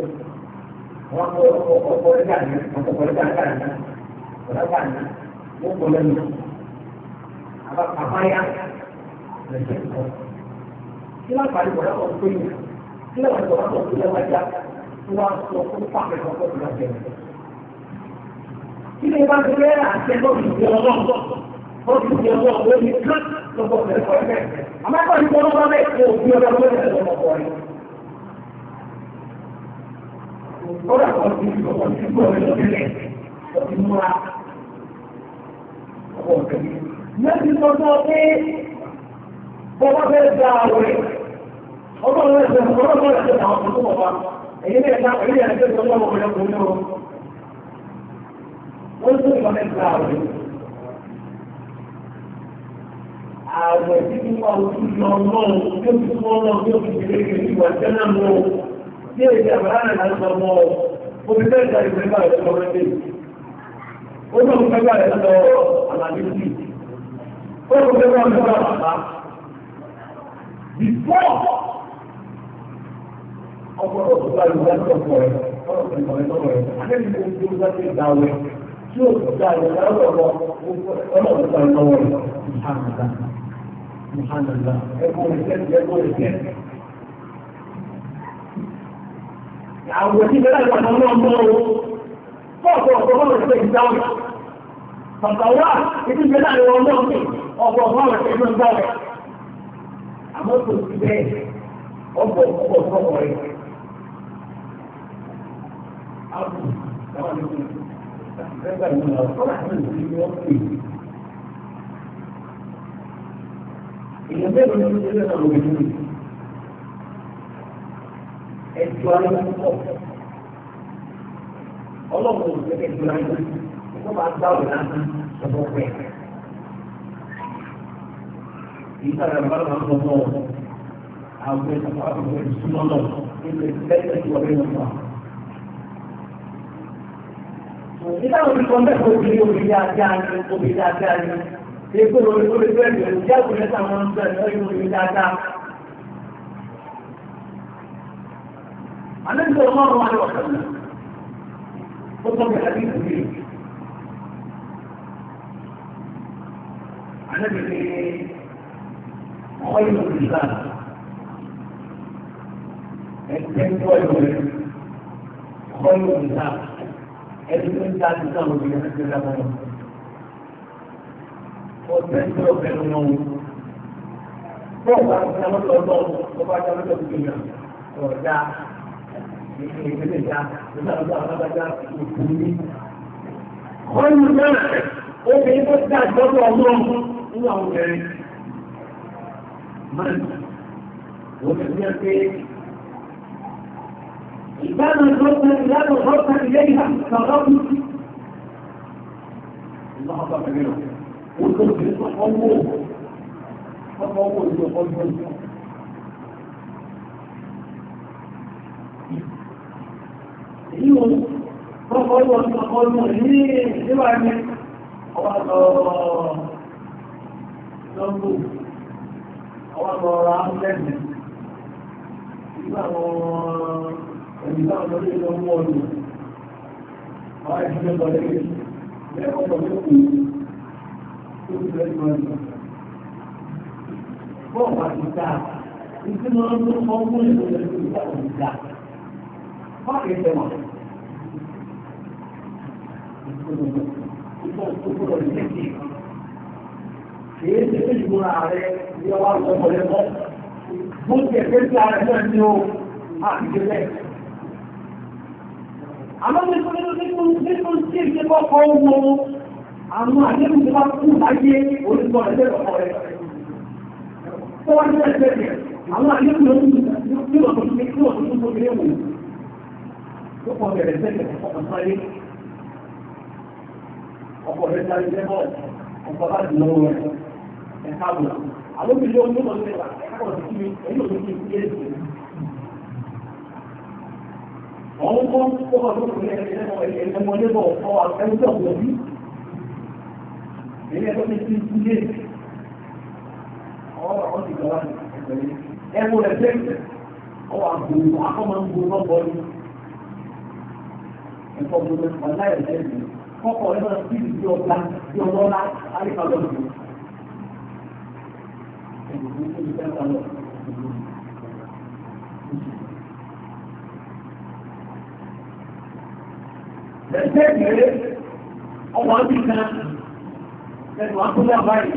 wọ́n kọ́ ọkọ̀ rẹ̀ gàdí ọkọ̀ rẹ̀ gàdí gàdí ọ̀dà gàdí wọ́n kọ́ lẹ́nu. àpáyà ẹ̀fẹ́ kọ́ kí wọ́n sọ fún ti lọ́jọ́ rẹ̀. Ilé ìbá ti ó ti di ọwọ́ orí kan lọ́gbọ́ pẹ̀lú ọ̀rẹ́. Àmọ́ ẹ̀kọ́ ìjọ ọlọ́gbọ́ bẹ́ẹ̀ kó òbí ọlọ́gbọ́ bẹ́ẹ̀ lọ́mọ kọ́ rẹ̀. Ó rà kọ́ sí ìjọba tí kò rẹ̀ lọ́tẹ́lẹ̀, ó ti múra ọkọ̀ ọ̀tẹ̀ èyí bẹ̀rẹ̀ náà ojú lọ náà tó ti fún ọ náà tó ti fi lè fi jẹ́ náà mọ́ bí èdè àbára náà ń sọ mọ́ o ti fẹ́ ìgbà ìgbà ó náà fẹ́ gbà rẹ̀ lọ àlàyé sí ó náà fẹ́ gbà rẹ̀ lọ àbá before ọkọ̀ tó tó bá yóò bá tó ọkọ̀ rẹ̀ ọ̀rọ̀ tó ń bọ̀ rẹ̀ lẹ́yìn tó ń tó bá ti gbà wẹ̀ tí ó tó dá ìwọ̀n lọ́wọ́ lọ ọlọ́run ọ̀pọ̀ ọ̀pọ̀ ọ̀pọ̀ ọ̀pọ̀ rẹ̀ Èèyàn bẹ́ẹ̀ ni wọ́n ti lé ọ̀rọ̀ òbí mi. Ẹ̀jọ̀ ayé ń pọ̀. Ọlọ́run ò fẹ́ ẹ̀jọ̀ ayé. Wọ́n máa gbá òun náà lọ́wọ́ pẹ̀. Ìtàgé àbára máa ń lọ mọ́ àwọn ẹ̀ka pàápàá ìṣúná náà. Ìgbésẹ̀ ẹ̀jọ̀ ayé ń pọ̀ ìtàwọn ti kọ́ mẹ́kọ̀ọ́ ti ní omi dáadáa ní omi dáadáa ní ẹgbẹ́ omi tó lè bẹ́ẹ̀ bẹ̀rù jágùn mẹ́ta wọn ń bẹ̀rẹ̀ lọ́yìn omi dáadáa. àlejò ọmọ ọmọ àlọ́ ọ̀sán ó tọ́ bẹ̀rẹ̀ bí ìlú yìí. àlejò ní ọ̀yìn omi dáadáa ẹgbẹ́ ń tọ́ ìwé ọ̀yìn omi dáadáa ẹni tó ń ta ti sáwọn obìnrin tó ti ra mọ́ ọ̀sẹ̀ ń tọ́ pẹ̀lú wọn o. bọ́ọ̀lù àti àwọn tó lọ ọ bá dá lọ́jọ́ tó yàn ọ̀dà ìpínlẹ̀ ìjà nígbà tó àwọn abájá òkú ní. ọ̀nù náà obìnrin tó dá ìjọba ọmọ nínú àwọn obìnrin. mọ́nà wọ́n ti fi hàn لا نظرنا لا نظرنا إليها نظرنا الله أكبر كبيرا وكنت تتحول تتحول تتحول Ìyún tọ́kọ́lọ́ tọ́kọ́lọ́ ní ìwà ní ọwọ́tọ̀ọ̀rọ̀ lọ́gbò, ọwọ́tọ̀ọ̀rọ̀ ápùlẹ́gbẹ̀, ìgbà wọn ẹ̀mí táwọn ọmọdé lọ mú ọdún àwọn ìṣẹ́lẹ̀ bọ̀lẹ́gẹ̀ lẹ́kọ̀ọ́ pọ̀lẹ́kùn tó ti rẹ̀ mọ́ ọdún bọ́ọ̀ bá ti dáa ìdí máa ń mú ọgbọ́n ìṣẹ̀lẹ̀ tó ti dáa ti dáa fáàkì tẹ̀wọ̀n ìgbọ̀n tó kìí ṣe fún ìmúra rẹ̀ ní ọwọ́ àwọn ọmọdé mọ́. Mo ti ẹ̀fẹ́ sí ara ẹ̀fẹ́ ní o, a ti ṣe bẹ́ẹ̀ àmọ́ àwọn àdéhùn tó bá kú láyé orúkọ rẹ̀ lẹ́rọ̀ ọ̀rọ̀ rẹ̀. Tó wá ní ẹgbẹ́ rẹ̀, àwọn àdéhùn tó ń bí wọ́n tó ń bí wọ́n tó ń bó ilé wò. Tó kọ́ bẹ̀rẹ̀ sẹ́kẹ̀ ọkọ̀ sáré. Ọkọ̀ rẹ̀ sáré àwọn ọkọ̀ ẹgbẹ́ ọ̀pọ̀ bí ilé ẹgbẹ́ ti kú lé ọ̀rọ̀ àwọn ti gbọ́lá ẹgbẹ̀rẹ̀ ẹgbẹ́ rẹ̀ tẹ́lẹ̀ ọwọ́ àgbòrò akọ́mọ̀ ń gbòrò lọ́pọ̀ Ẹgbẹ́ ìgbẹ́ ọmọ ọdún kan ẹgbẹ́ àkúlé àbáyé,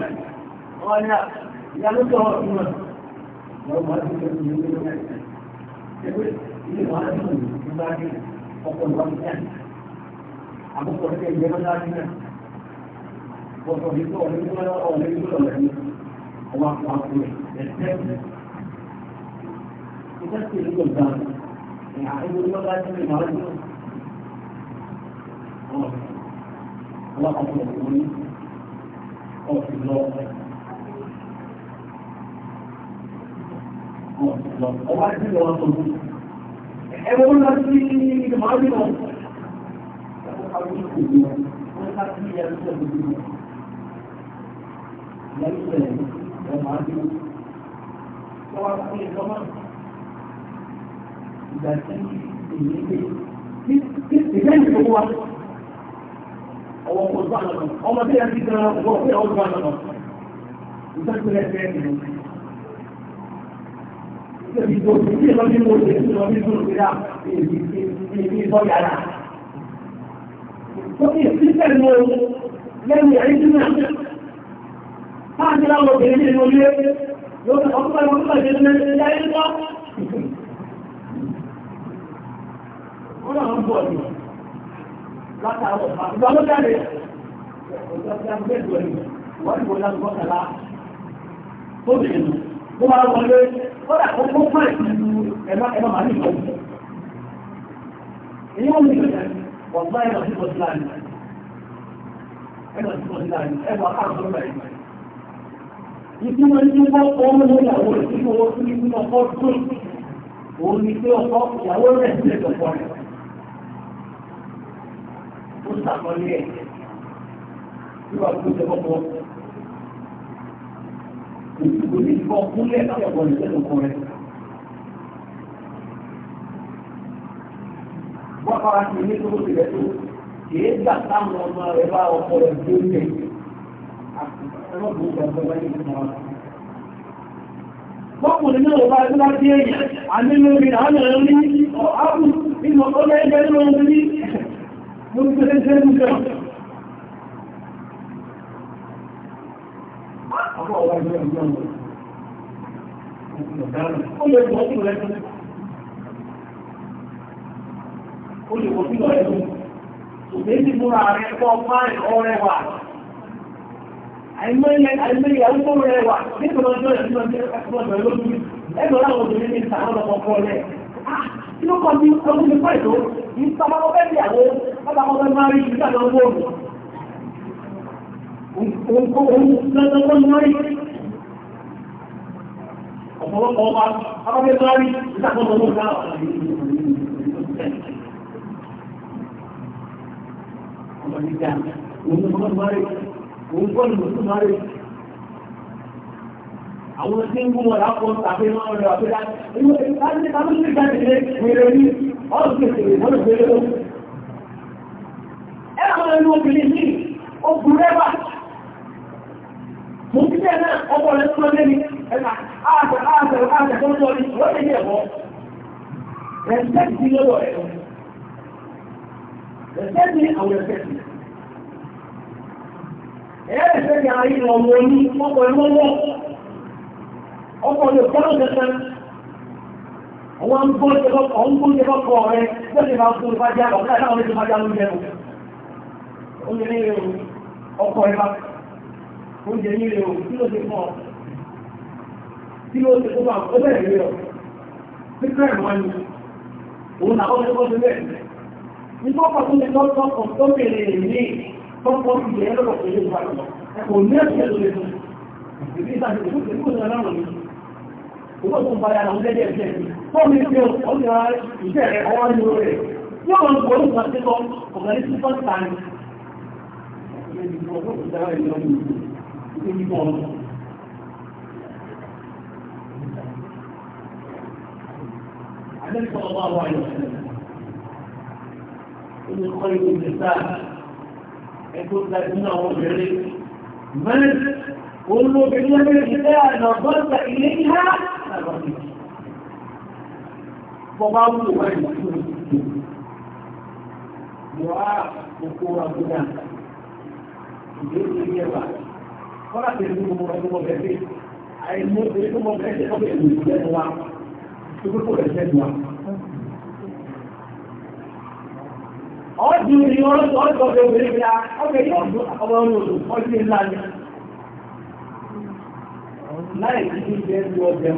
ọmọ ni ìyálótọ́ ọdún náà, ọmọ ọdún kan ní ilé ìwọ̀n ẹgbẹ́ ilé ìwọ̀n ọdún ìgbà ní ọkọ̀ ìwọ̀n ìjẹ́ ọdún ìjẹ́ lọ́dá ní náà. Bọ̀dọ̀ ní ọ̀rẹ́ ìgbẹ́ ọ̀rẹ́ ìgbẹ́ ọmọ àkùnrin ẹ̀sẹ̀ ìgbẹ́ ìgbẹ́ alákọ̀ọ́kọ́ rẹ̀ lórí ọ̀sìn lọ ọba tí lọ sọ fún ẹgbẹ́ wọn lọ sí ìgbìmọ̀ àdúgbò wọn ká sí ìyá tó tẹ̀lé ọwọ́ ọmọ tí a ti gan ọwọ́ pé ọwọ́ tó àná kan ìtọ́jú rẹ̀ fẹ́ ẹ̀ Ìjọba ìjọba ìjọba ìjọba ìjọba ìjọba ìjọba ìjọba ìjọba ìjọba yàrá. Wọ́n ti sísẹ̀ ní o lẹ́nu ẹ̀rí sí náà. Máa ti láwọn obìnrin ní inú ilé lórí ọkùnrin ọkùnrin ọ̀sẹ̀ ní látàrọ̀ ìgbà ló jáde ọjọ́ tí a ń gbé ìlú ẹ̀yìn wọ́n ti wọlé àgbọ̀ kàlá tó lè nù mo máa wọlé kódà kó kó fún ìlú ẹ̀má ẹ̀má kó sàkọ́lé ẹ̀ yóò wá kó tẹ́kọ̀ pọ̀ kò ní kọ́ kúnlẹ̀ láti ọ̀pọ̀ nìjẹ́ lóko rẹ̀. wọ́n fara sí ilé tó kó tilẹ̀ tó kìí gbà táwọn ọmọ rẹ̀ bá ọkọ rẹ̀ tó ń tẹ̀ ẹ̀rọ kò gbàgbọ́ wáyé ìgbà èèyàn, àmì lórí àwọn ẹ̀rọ ní ọ̀hábù nínú ọlọ́ẹgbẹ́ lórí mo ní pẹ́lẹ́ jẹ́ ní ìjọba àbọ̀ ọ̀wá ìjọba ìjọba ó lè wọ́n sí rẹ̀ ó lè wọ́n sí rẹ̀ òṣèlú ti múra rẹ̀ pọ̀ fáìn ọrẹwà àìmẹ́yà ń kó rẹwà nítorí ọjọ́ ìjọba ìjọba lójú ẹgbẹ̀rún àwọn obìnrin ní ìtàn ọ̀dọ̀ kọ̀ọ̀kan rẹ̀ ah, kí ló kọ́ ní ọdún nípa ìlú ní sábà ọbẹ̀ ìyàwó Ọ̀pọ̀lọpọ̀ ọmọ àwọn tí ń gún wọn lápọ̀ tàbí máa rẹ̀ àpẹ́dá, inú ẹ̀ká ní ìtàkọ́lọ̀ ìgbà àwọn ẹnu mo ti bẹ́ẹ̀ náà ọkọ̀ rẹ̀ tó ní ẹ̀ka ààbẹ̀ oúnjẹ nílé o ọkọ̀ ẹ̀bá oúnjẹ nílé o kí ló ṣe fún ọ kí ló ṣe tó bá ọ bẹ̀rẹ̀ lé ọ pípẹ́ ẹ̀rọ wọn ni òun náà ọdún ọdún bẹ́ẹ̀ nígbà ọkọ̀ tó lè lọ sọ́kọ̀ tó bèrè ní tọ́kọ̀ ìjẹ́ ẹlọ́kọ̀ tó lè wà ẹ̀kọ́ ní ẹ̀sẹ̀ ló lè fún ìdí ìsàkóso ìdí ìsàkóso náà lọ owó tó ń bá yára ń lẹ́dẹ̀ẹ́ jẹ́ fọ́ọ̀mù ìgbẹ́ ọ̀gá ìṣẹ́ ọwọ́ ní orí yóò máa ń gbọ́ orúkọ àti kọ́ ọ̀gá ní sípọ́ọ̀tì tààrí النبي صلى الله عليه وسلم من قل له بالله الهداية نظرت إليها نظرتك فضعوا دعاء وقوة بناتك ìgbésí ní ẹ̀wà kọ́lá tẹ̀lé ní gbogbo ọdún ọbẹ̀ pé àìmọ́ tẹ̀lé tó mọ bẹ́ẹ̀ tẹ̀lé ọbẹ̀ ìlú lẹ́nu wa tó tó kó lẹ́sẹ̀ nu wa. ọ̀dùn ni ọlọ́dún ọ̀dùn ọbẹ̀ obìnrin bí a ọbẹ̀ yóò dún ọmọ ọmọ odò ọdún ńlá ni. láì sí ní bẹ́ẹ̀ ní ọbẹ̀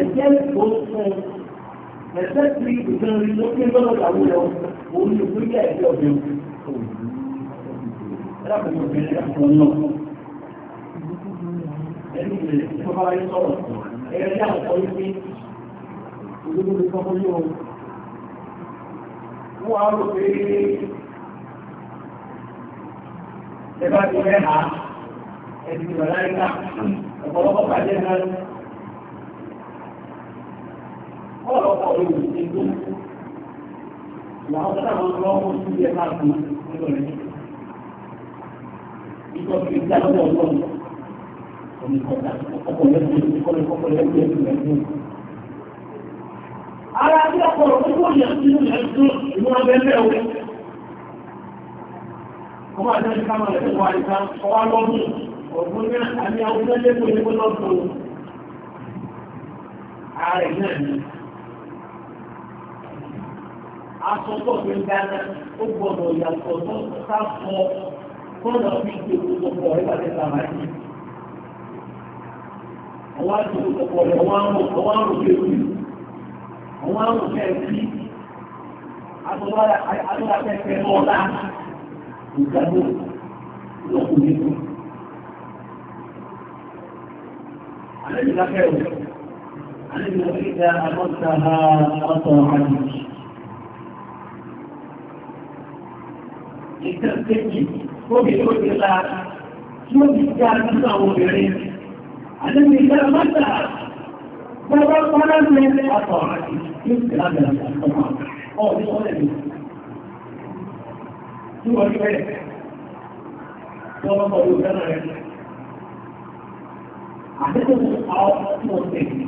ẹ̀jẹ̀ tó fún ẹ̀sẹ̀ tí ìgbìkan rí lókè lọ́dọ̀ àwọn ọ̀hún ní ìpínlẹ̀ ẹ̀jẹ̀ ọbẹ̀ ẹlẹ́kùnrin obìnrin ẹ̀kùn náà ẹ̀lú ìrẹ̀ tó bá yẹ sọ̀rọ̀ ẹ̀rẹ́ yà sọ wípé òdodo lè sọ́kọ́ yóò wọ́n á rò pé ẹ bá ti rẹ̀ hà ẹ̀dì ìrọ̀láyíká ọ̀pọ̀lọpọ̀ pàdé náà ọ̀pọ̀lọpọ̀ olùsìn tó wà ó sábà lọ́wọ́ sí ẹ̀ máa kú nínú rẹ̀ because Ara tí ọkọ̀rọ̀ tó kó yẹ sí ìlú ẹ̀sùn ìlú ọbẹ̀ mẹ́wẹ́. Ọmọ àti ẹ̀ka máa lẹ́sẹ̀ wà ìta ọwá lọ́dún ọ̀gbọ́n ní àmì àwọn ẹlẹ́gbẹ̀ẹ́ ìlú lọ́dún. Ààrẹ náà ni asọ́tọ̀ tó kọ́nà fi ṣe ìtòkọ̀ rẹ̀ láti sàmájì. Àwọn àti ìtòkọ̀ rẹ̀ wọ́n á rò wọ́n á rò pé kú. Àwọn àrùn fẹ́ kí. Àtọ́wádà àtọ́wádà fẹ́ fẹ́ mọ́lá. Ìgbàgbọ́ lọ́kùnrin kù. Àlejò lákẹ́ o. Àlejò lákẹ́ ìdá àmọ́ta ha ọ̀tọ̀ àjèjì. Ìtẹ́kẹ́jì lókè tó ti la tí ó ti dá nínú àwọn obìnrin. Àdébí ìgbà mọ́tà gbọ́dọ̀ pọ́nlá ní ẹgbẹ́ àtọ̀ àti yóò ti lábẹ́ àtọ̀mọ́ ọ̀dún ọ̀lẹ́ mi. Tí wọ́n fẹ́ lọ́wọ́ pọ̀lú fẹ́ràn rẹ̀. Àdébí àwọn ọmọ tí wọ́n tẹ̀ mí.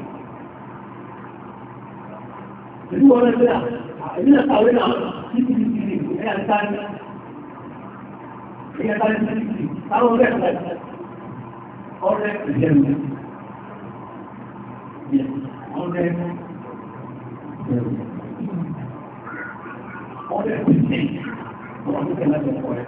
Ìlú wọn rẹ̀ fẹ́ àwọn ìlú àtàwé náà títí títí ẹ̀ ìyẹn bá ní sí àwọn ọ̀rẹ́ rẹ̀ ọ̀rẹ́ rẹ̀ rẹ̀ ọ̀rẹ́ rẹ̀ ọ̀rẹ́ rẹ̀ ọ̀rẹ́ rẹ̀ ọ̀rẹ́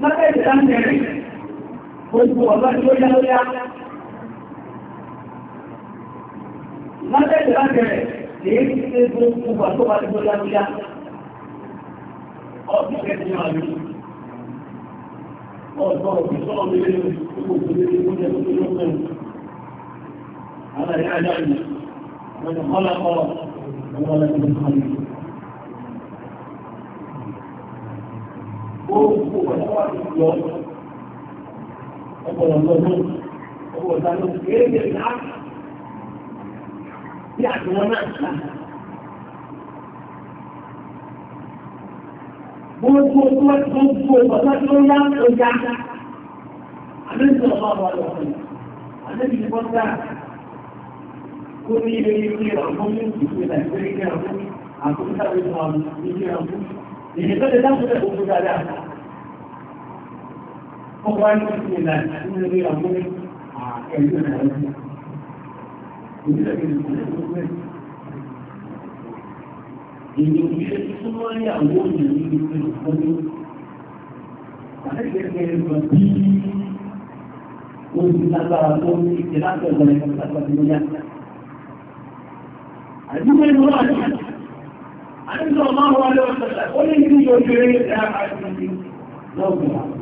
Mọ́tẹ́ ìdáńtẹ̀rẹ̀ gbogbo ọ̀lá tó yá lóyá. Lábẹ́jẹ̀ lábẹ́rẹ̀ lèé ti ṣe gbogbo ọgbà tó bá ti tó yá lóyá. Ọdún kẹsàn-án máa rí. Ọ̀dọ́ ọ̀gbìn sọ́ọ̀ mi lé gbogbo ìgbésẹ̀ tó jẹ́ tó tó lọ́pẹ́ mi. Àwọn ẹ̀yà ajá mi, wọ́n ti kọ́lá kọ́ ọ̀rọ̀ ọgbọ̀dọ̀ lọ́dún ọgbọ̀dọ̀ lọ́dún kéèké ńlá bí àtiwọn náà ká. Gbogbo tó wá tó gbogbo ọ̀dọ́ tó yá ọjà àbẹ́sẹ̀ ọ̀bá wa lọ sí àbẹ́sẹ̀ ìbọn dá kó ní ilé ilé ọ̀gbọ́n ní ìpínlẹ̀ ìpínlẹ̀ ìpínlẹ̀ ọ̀gbọ́n àkókò sáré fún àwọn ilé ọ̀gbọ́n. Ìdíjọ́ lè dáhùn lẹ́kọ̀ọ́ dáadáa wọ́n wá ní ìpínlẹ̀ ìlànà nínú ilé àwọn ẹ̀yọ́ ìlànà Èdè òṣèré súnmọ́ ní àwọn òyìn ní ìpínlẹ̀ ìpínlẹ̀. Àtẹ́gbẹ̀rẹ̀ ẹgbẹ̀ bí ó ti lágbára tó ní ìpínlẹ̀ láti ọ̀gbọ̀n ẹgbẹ̀ láti ọ̀gbọ̀n yá. Àdúgbẹ́ ìlú àti àdúgbẹ́ ọmọ àwọn ọlọ́ọ̀sọ̀lá, ó ní ìdí òṣèré ìdára àti lọ́gbọ̀n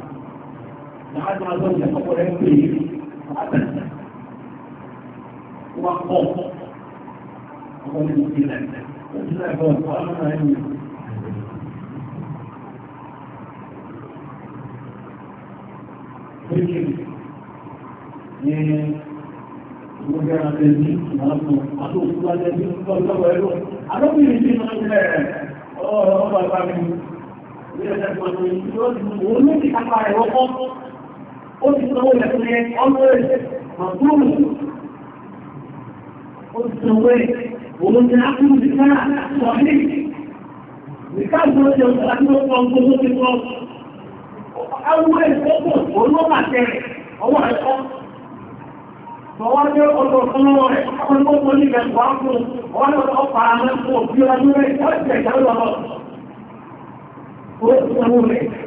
láti máa lọ́jà ọkọ̀ rẹ̀ pè é àtàtà wọ́n pọ̀ ọkọ̀ ní ìpínlẹ̀ ìpínlẹ̀ ẹ̀kọ́ ọ̀pọ̀ àwọn ẹ̀yìn Péjì ní ìgbógbé àti ẹni ìwọ̀n àti òkú àti ẹni ìgbọ́gbọ́ ẹ̀rọ. Àlọ́bìnrin tí wọ́n ń rẹ̀ ọ̀rọ̀ ọ̀rọ̀ bàbá mi, ilé ẹ̀sẹ̀ pẹ̀lú ìgbógbó olóòtú kápá ẹ̀rọ kọ́ o ti sanwó rẹ̀ fún ọ ọmọ rẹ̀ màkúrò ó ti sanwó rẹ̀ òun ti ákúrò nìká sọ̀rí nìká tó ṣe ọ̀sán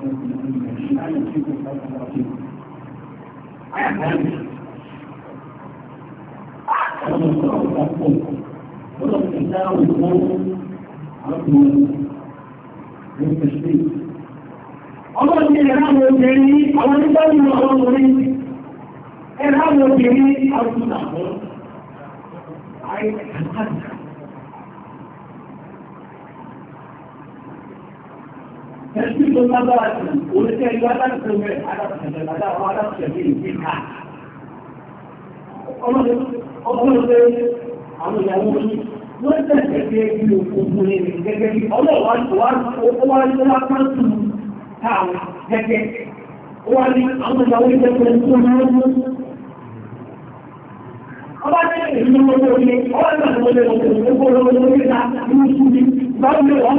Ọlọ́run ti ẹ̀ráwọ̀ obìnrin, àwọn ìgbàlù ọ̀rọ̀ orí, ẹ̀ráwọ̀ obìnrin, àwọn ìgbàlù ọ̀rọ̀ orí, àìkàkàkà. Tẹ́sí tó lágbára jù, oníṣẹ́ ìlú adájọ́ rẹ̀ adájọ́ àti àwọn adájọ́ ní ìdí ká. Ọlọ́dẹ àwọn ìyàwó ní wọ́n tẹ̀sẹ̀ pé kí òkú ní gẹ́gẹ́ bí ọlọ́wà wá ní wá pàtó táwọn gẹ́gẹ́. Wọ́n ní àwọn ìyàwó ìjẹ́pẹ̀ tó máa ń mú. Ọba jẹ́ ìlú olóore, ọba jẹ́ ìlú olóore, ó gbọ́dọ̀ olóore ta ní ìṣúni, báwo ni wọ́n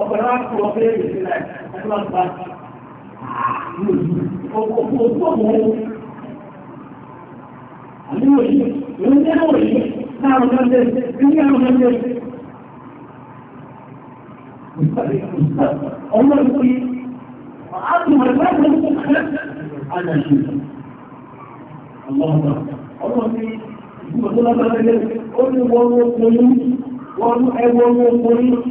ọ̀pẹ̀lẹ́ wá kúrò pé èyí sí láì ẹ̀kọ́ láti bá ọkọ̀ ojú ọmọ ohun àdúgbò yìí ló ń tẹ́lẹ̀ òyìn láàrùn lọ́dẹ ní àrùn lọ́dẹ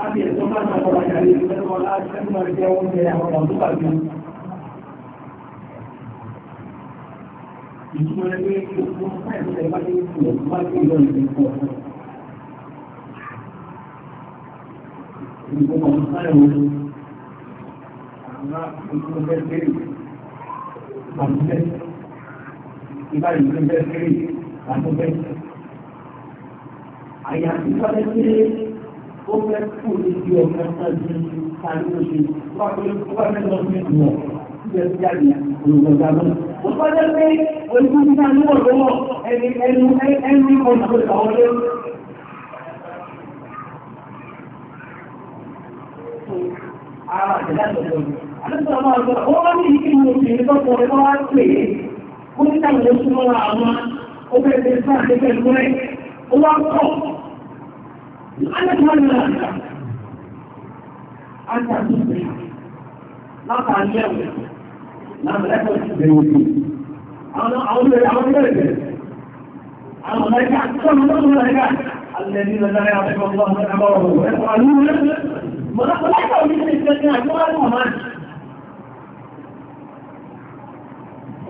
àti ẹ̀tọ́ máa ń sọ̀rọ̀ àjàrí ìgbẹ́lẹ́wọ̀n láti ẹ̀mọ́ ìjẹ́ oúnjẹ àwọn ọ̀dọ́ tó pàdé. Ìtumọ̀ ẹgbẹ́ ìgbẹ́lẹ́wọ̀n láti ẹ̀mọ́ ìjẹ́ oúnjẹ àwọn ọ̀dọ́ Ìgbìmọ̀ ọ̀sán ẹ̀wọ̀n, àwọn ìgbìmọ̀ bẹ́ẹ̀ bẹ́ẹ̀ bẹ́ẹ̀ bẹ́ẹ̀ bẹ́ẹ̀ bẹ́ẹ̀ bẹ́ẹ̀ ó fẹ́ kú níbi ọ̀gá sáájú kárí ṣe wá pé ó bá mẹ́lọ sí ìwọ̀ ó bá jẹ́ pé olùgbọ̀gbà ní ọ̀dọ́wọ̀ ẹni ẹni ọ̀nà tó kà wọlé. ara àtẹ̀lá ìjọba àtẹ̀lá máa gbọ́ ó wá ní ìdí ìwọ̀n òṣèré tó kọ̀ ẹ̀kọ́ wá pè é ó ní táwọn oṣù mọ́ra Látàlẹ́ látàlẹ́ látàlẹ́ àwọn ilẹ̀ àwọn ilẹ̀ ìgbẹ̀. Àwọn ọ̀lẹ́gbẹ̀ àti ọmọ ọmọ ọ̀lẹ́gbẹ̀ alẹ́ nílẹ̀ láyé àwọn ọmọ ọmọ ọmọ ọmọ ọmọ ọmọ ọmọ ọmọ ọmọ ọmọ ọmọ ọmọ ọmọ ọmọ ọmọ ọmọ ọmọ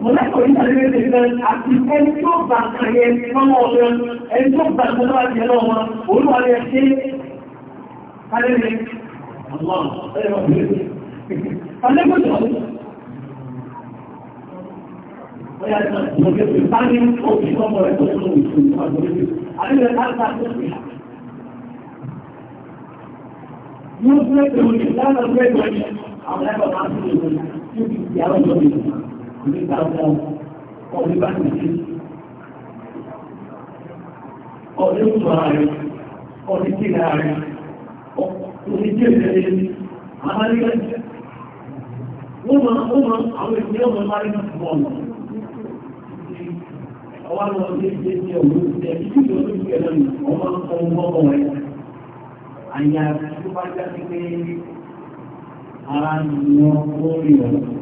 Mọ̀lẹ́kọ̀ọ́ ìtàlẹ́ ìrìnlẹ̀ àti ẹni tó bá kàyẹ lọ́wọ́ ọ̀rẹ́ ẹni tó bá gbọ́nà àti ẹlọ́wọ́ olúwa rẹ̀ ṣe kálẹ́rẹ̀ ọ̀lọ́ ẹ̀rọ ìrìnlẹ̀. Alẹ́gbẹ̀ẹ́ Ọya ìgbàgbé ìbáni òbí ọmọ rẹ̀ tó lóòrùn ìṣòro àgbẹ̀rẹ̀. Àríwẹ̀ láti àgbẹ̀rẹ̀. Yóò fẹ́ tẹ̀wọ̀n ìlànà fẹ́ tẹ̀wọ̀n àwọn ẹgbẹ̀rẹ̀ máa ń tẹ̀wọ̀n onígbà ọmọ onígbà nìyí onígbà ààrẹ onígbà ààrẹ onígbà ìrẹ̀lẹ̀ amáríkà wọ́n máa àwọn ìpínlẹ̀ ọmọ amáríkà bọ́ọ̀lù ọwá lọ sí ilé tí ọmọ ìpínlẹ̀ ìpínlẹ̀ ọmọ ọmọ ọmọ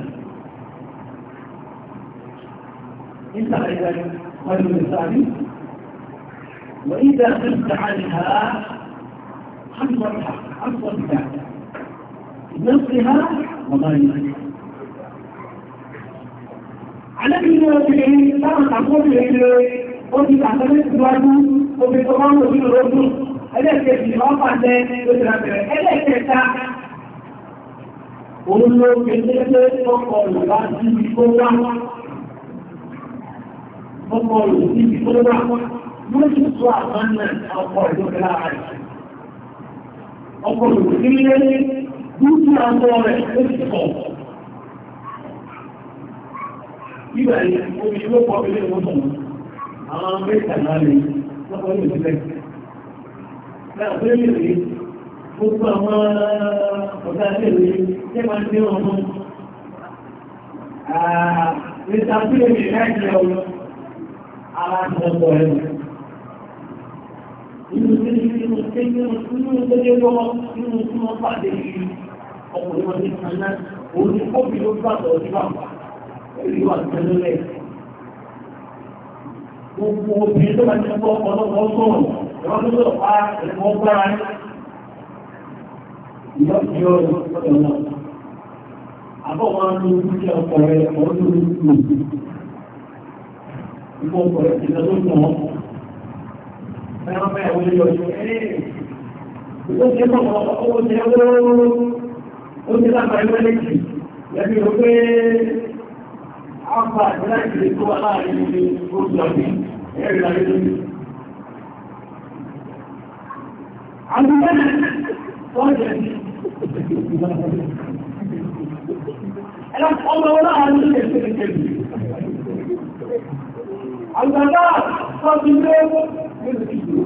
إلا إذا رجل ثاني وإذا قلت عنها حفظ الحق حفظ الحق على كل ما تقول إليه وفي تعتمد الواجب وفي القرآن وفي الرسل ẹlẹ́ẹ̀kẹ́ ìlú ọ̀pá jẹ́ lójúlàbẹ̀rẹ̀ ẹlẹ́ẹ̀kẹta òun ló fi lé lé ọkọ̀ ìwádìí tó ọmọ rẹ̀ ní ìfowópamọ́ wọ́n ti sọ àbáńdà ọkọ ìlú lára rẹ̀. ọkọ rẹ̀ ní ilé dúdú rẹ̀ ó ti kọ̀. Ibà ni omi ló pọ̀ ilé ìwòsàn àwọn amẹ́ríkà náà lè lọ́pọ̀ ní òṣìṣẹ́. Náà pé gbogbo àwọn ọ̀gá ilé rèé ṣé máa ń dé ọmọ. Àà lè ta sílẹ̀ mi ọlọ́. alákọ̀ọ́kọ̀ ẹ̀rù. Inú tí ní inú tí ní inú tí ní tó lé lọ́wọ́ inú tí wọ́n pàdé yìí ọkùnrin wọn ní kan náà òun ní kọ́bì ló gbàgbọ́ sí bàbá pẹ̀lú ìwà tẹ́lẹ̀. Gbogbo obìnrin tó bá ti gbọ́ ọ̀pọ̀lọpọ̀ sọ̀rọ̀ ìwọ̀n pọ̀lọ̀ ti lọ lóṣù wọn. Ẹran bẹ́ẹ̀ wọlé lọ sí ẹ́ ó ṣe mọ̀ ó ṣe ó ṣe lábàá ẹgbẹ́ lẹ́kì lẹ́bi rò pé àpá àti láti lè tó wà láàrin oṣù ọ̀sìn ẹ̀rì láyé lórí. Àwọn ọmọ wọn láàrin ló lè ṣe kékeré. Àgbàdá tọ́jú lé nínú ìlú.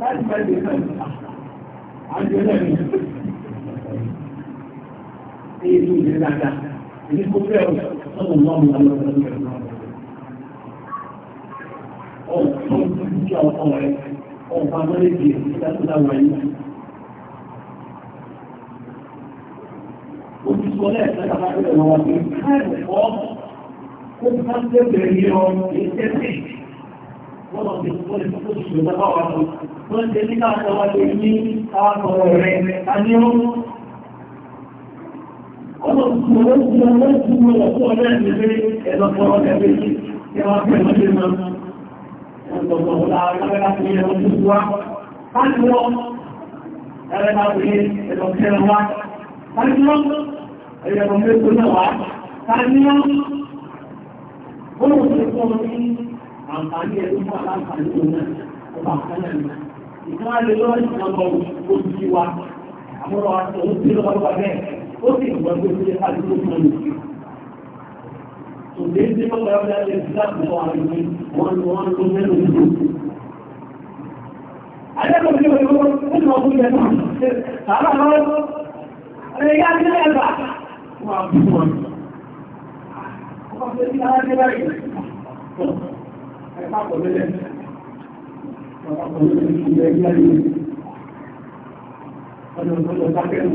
Láti máa lè fẹ́ àjẹ́lẹ̀ mi. Èyí tó lè dáadáa, èyí kò fẹ́ ọ̀rọ̀ sọ́dọ̀ lọ́mù lọ́mù lọ́mù lọ́mù. Ọ̀pọ̀ tó ń bí ọkọ̀ rẹ̀, ọ̀pọ̀ amọ́lẹ́gbẹ̀ẹ́ Wọ́n tẹ́ ní káàkọwà lè ní àkọwà rẹ̀ a ní ọmọ. Ọmọ ìgbòho ti ọmọ ìgbòho ọ̀pọ̀ ọ̀rẹ́ ìrẹ́ ẹ̀lọ́pọ̀ ọ̀rẹ́ méjì, ẹwà pẹ̀lú ìrìnà. Ẹgbọ̀gbọ̀ láàrín ọ̀rẹ́ láti ilẹ̀ ọdún wá. Láti wọ́n, ẹ̀rẹ́ láti ilẹ̀ ẹ̀yẹ̀kọ̀ mẹ́kọ̀ọ́ náà wá káníyà ó lè fẹ́ fọ́ ní àǹfààní ẹ̀rọ fún aláǹfààní òun náà ọba àkàlẹ̀ náà ìkan alẹ́ lọ́wọ́ ìjọba òjì wa àmúrò àtọ̀wọ́ sí lọ́wọ́ bẹ́ẹ̀ ó sì gbọ́ pé ó yẹ ká ló fún ọmọ òjì. Òde tí wọ́n gbọ́dọ̀ lẹ́yìn ìsìláàmù wọn àgbẹ̀ wọn ni wọ́n tó mẹ́rin òjò. Àdébọ̀ ní ìwé wọn ó sọ fún ìyẹn náà. Sàrà lọ́wọ́ ẹ̀yà ní ẹ̀bà máa Ọjọ́ ìgbọ́dọ̀ bá kẹ́rù.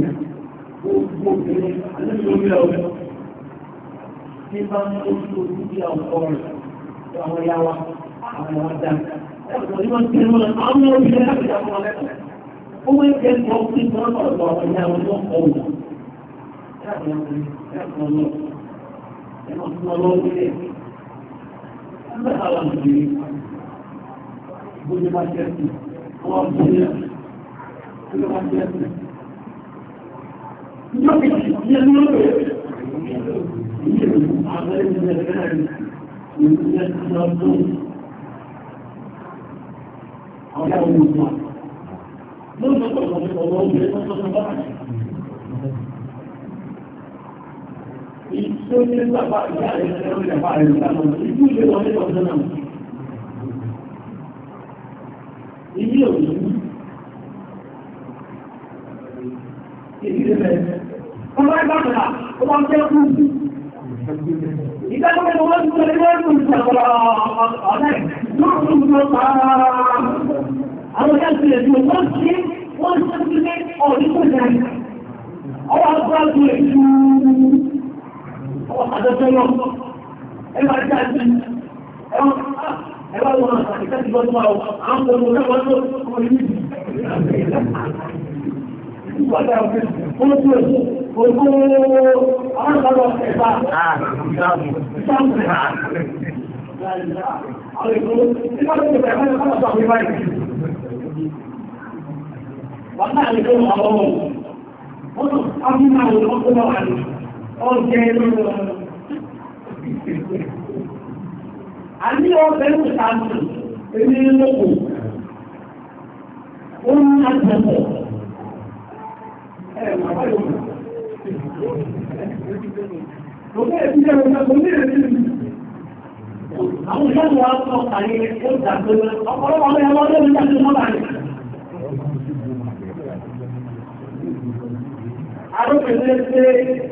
Gbogbo obìnrin, àlẹ́ ìlú ọ̀rẹ́ tí bá ń tó tó títí ọkọ rẹ̀ àwọn ya wa àwọn ya wa dá. Ẹ̀sọ̀ Àwọn ọmọ ìgbà. Lọ́nà tó ọ̀pọ̀lọpọ̀ ọmọ ìgbà tó sọ tó ní bàbá ìyá rẹ̀ lọ́wọ́ ìjàmbá rẹ̀ lọ́wọ́ ìjú ilé wọlé ọ̀dọ́ náà. Ilé òní ìdílé bẹ̀rẹ̀. Wọ́n bá gbà mọ́ra, ó bá ń jẹ́ kú. Ìgbà tó ń wọ́n ti sọ ilé ẹ̀kọ́ ìjàmbá ọ̀dẹ́ yóò tún lọ pàápàá. Àwọn ìyá ìpìlẹ̀ tí wọ́n ṣe wọ́n ṣe ń gbé ọ̀rí kò dáa. Ọwọ́ àtọ́sọ́nà ẹwà jáde ẹwà wà àwọn ọmọ wọ́n tó a mú máa lè ọkọ́ náà wà oúnjẹ inú wọn. Àní ọ̀bẹ ń sàmì èmi lóko. Ó ń ná tẹ̀lé. Ẹ màá yọ̀ mọ́. Òkè ẹ̀sìn jẹ́ ọ̀gá kò ní èdè mi. Àwọn ìyá mi wá sọ àyè ó dàgbé lọ. Ọ̀pọ̀lọpọ̀ ọmọ ẹ̀rọ ọdún mi dàgbé mọ́ bàyìí. Àrùn kìí ṣe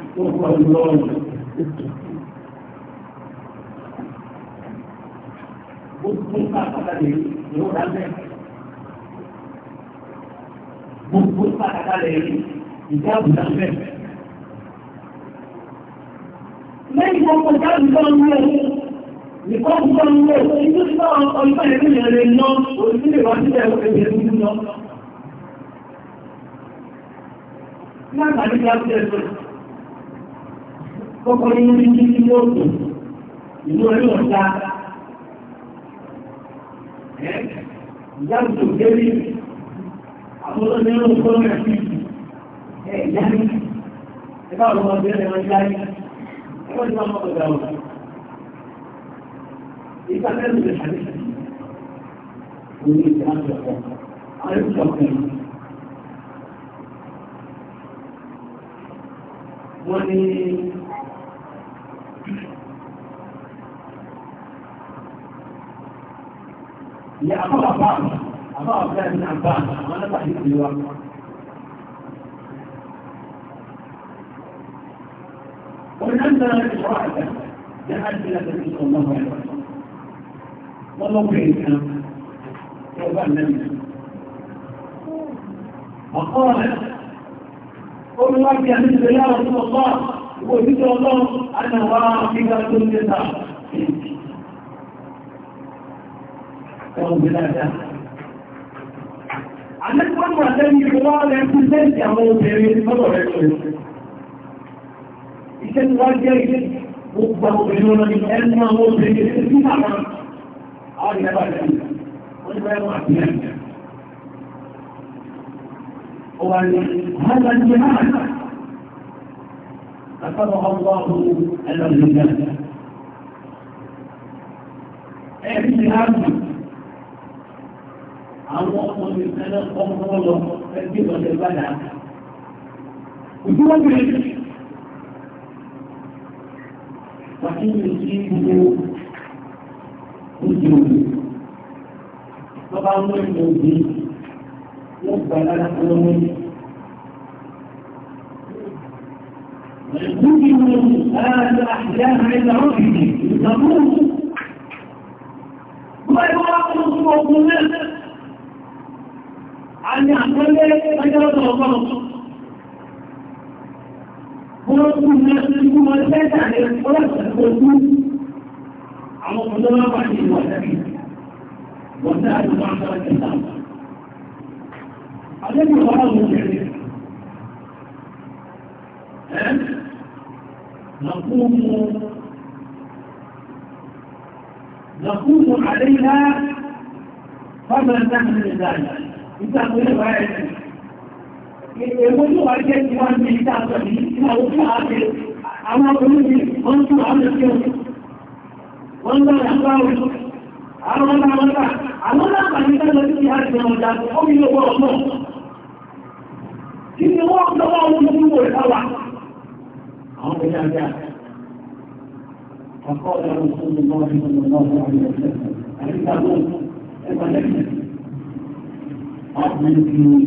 ó pọ̀ lọ́rùn ó tún dá bẹ́ẹ̀ gbogbo pàtàkì lè ìjà àbùdá bẹ́ẹ̀. lẹ́yìn gbogbo ìjà àbùdá ń lé nìkan ń gbọ́ ń lé ìjú sọ ọjọ́ ìrìnlẹ̀ rẹ̀ lọ òṣìṣẹ́ ìwádìí ẹ̀rọ ẹ̀rọ ìlú lọ. Ní àgbàdo ìjà àbùdá ẹ̀rọ kọ́kọ́ ní ní sí lóòtù ìlú orí ọ̀dá ìyáàtò gẹ́rí àwọn olóòrò gómìnà sí ìyáàrí ẹgbà ọ̀rọ̀ ọ̀gbẹ́ ẹ̀rọ ìyáàrí ẹgbẹ́ ìgbà ọmọ ọ̀gá يا أخاه عباس أخاه عبد الله بن عباس وأنا صحيح في الوقت ومن أمثلة الإشراح جاء النبي صلى الله عليه وسلم والله فيه كان يوبان النبي فقالت قل لك يا رسول الله وذكر الله أنا واحدة النساء ọmọ ìgbé dáadáa. Àlẹ́kọ̀ọ́mọ̀ àtẹ́ni ìwọ́ rẹ̀ fún sẹ́ǹtì àwọn obìnrin lọ́dọ̀ rẹ̀ tó rẹ̀. Iṣẹ́ ti wá jẹ́ ilé gbogbo àwọn obìnrin lọ́nà ní ẹnu àwọn obìnrin tí sí àwọn àwọn ìrẹ́bà rẹ̀ wọ́n ti bẹ́ẹ̀ wọ́n àti ẹ̀. Ó wà ní Hàlá ní Hàlá. Àtàbọ̀ ọlọ́run ẹlọ́run ní Gàdá. Ẹ̀rí ni Hàlá àwọn ọmọ mi sẹ́lẹ̀ ọmọ lọ ẹgbẹ́ ìbọ̀dẹ̀ padà. Òjú wọ́n bèrè sí. Wàtí mi sí gbogbo ojú òbí. Bọ́bá mú ìlú òbí wọ́n gbà lára lọ́wọ́ ní. Ìgbógi wo láàárín àṣìyá àìsàn ọ̀gbìn ìgbàgbọ́ òkú. Bọ́lá ìwọ́n wá fún ọkùnrin náà. àti àtẹ́lẹ́ ẹgbẹ́rẹ́ ọgbọ́n wọ́n tún mẹ́rin fún wọn lẹ́ta rẹ̀ ọlọ́sẹ̀kọ́jú àwọn ọmọdé wọn wà ní ìwà lẹ́bí wọ́n dá àdúgbò àwọn ọ̀tẹ̀lá àdébù ọ̀rọ̀ àwọn obìnrin ẹ́ نقوم نقوم عليها فما نحن ذلك ìtàkùnlé wà ẹ̀ Èèmọ̀ tó wà jẹ́ ti wọ́n ní ìtàkùn ní ìlàwó fún ààrẹ àwọn olóòrùn wọ́n tún àwọn ẹ̀kẹ́ wọ́n lọ́rọ̀ àwọn olóòrùn. Àwọn ọmọ àwọn ọmọ àwọn lápàá ní tẹ́lẹ̀ tí a ti ọmọ ìjà tó omi lówó ọmọ. Kí ni wọ́n lọ́wọ́ olóòrùn wò ìtawà? Àwọn ọmọ ìjà jẹ́ àkọ́ ọ̀dọ̀ ọmọ ìjọba ọmọ ìjọba ọmọ ìjọba أحمدني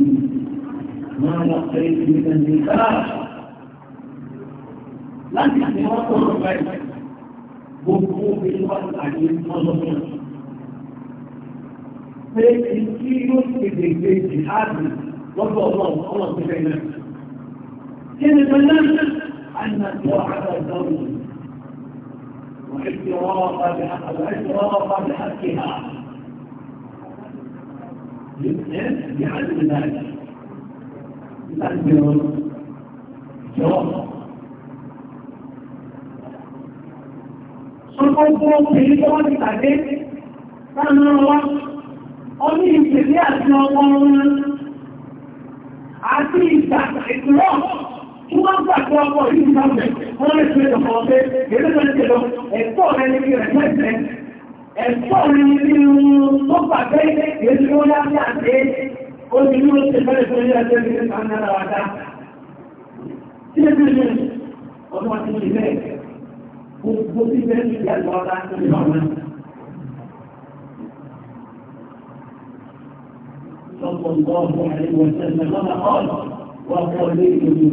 ما لقيت من النفاق لن يحضر الغيب بقوة الوقت عليهم مظهر فإن في يسكت البيت الحاكم وضع الله الله بيننا كان بلغنا أن توعد الزوج واعتراف بحق الاعتراف بحقها لعدم ذلك لازم جواب Ọgbogbo obìnrin tó wọ́n ti tàbí sáàmù ọwá, ó ní ìpèlé àti ọmọ wọn àti ìgbà ìgbìrọ̀ tí wọ́n gbà tó ọmọ ìlú ìgbàmẹ̀, wọ́n lè fi ẹ̀dọ̀kọ̀ ọ̀fẹ́, gẹ́gẹ́ ẹ̀fọ́ mi ní irun tó pàtẹ́ èsì ó yá sí àti ó ti ní oṣù mẹ́rin tó yá sí ẹgbẹ̀rẹ̀ kan náà wà dá. Tí ó ti ní ọdún wa ti ní ilé gbogbo tí bẹ́ẹ̀ ti di àgbà ọ̀dá tó ní ọ̀nà. Sọ́kọ̀ ọ̀gbọ́n àìwọ̀ ìṣẹ̀lẹ̀ lọ́nà ọ̀nà wà pọ̀ lé ìlú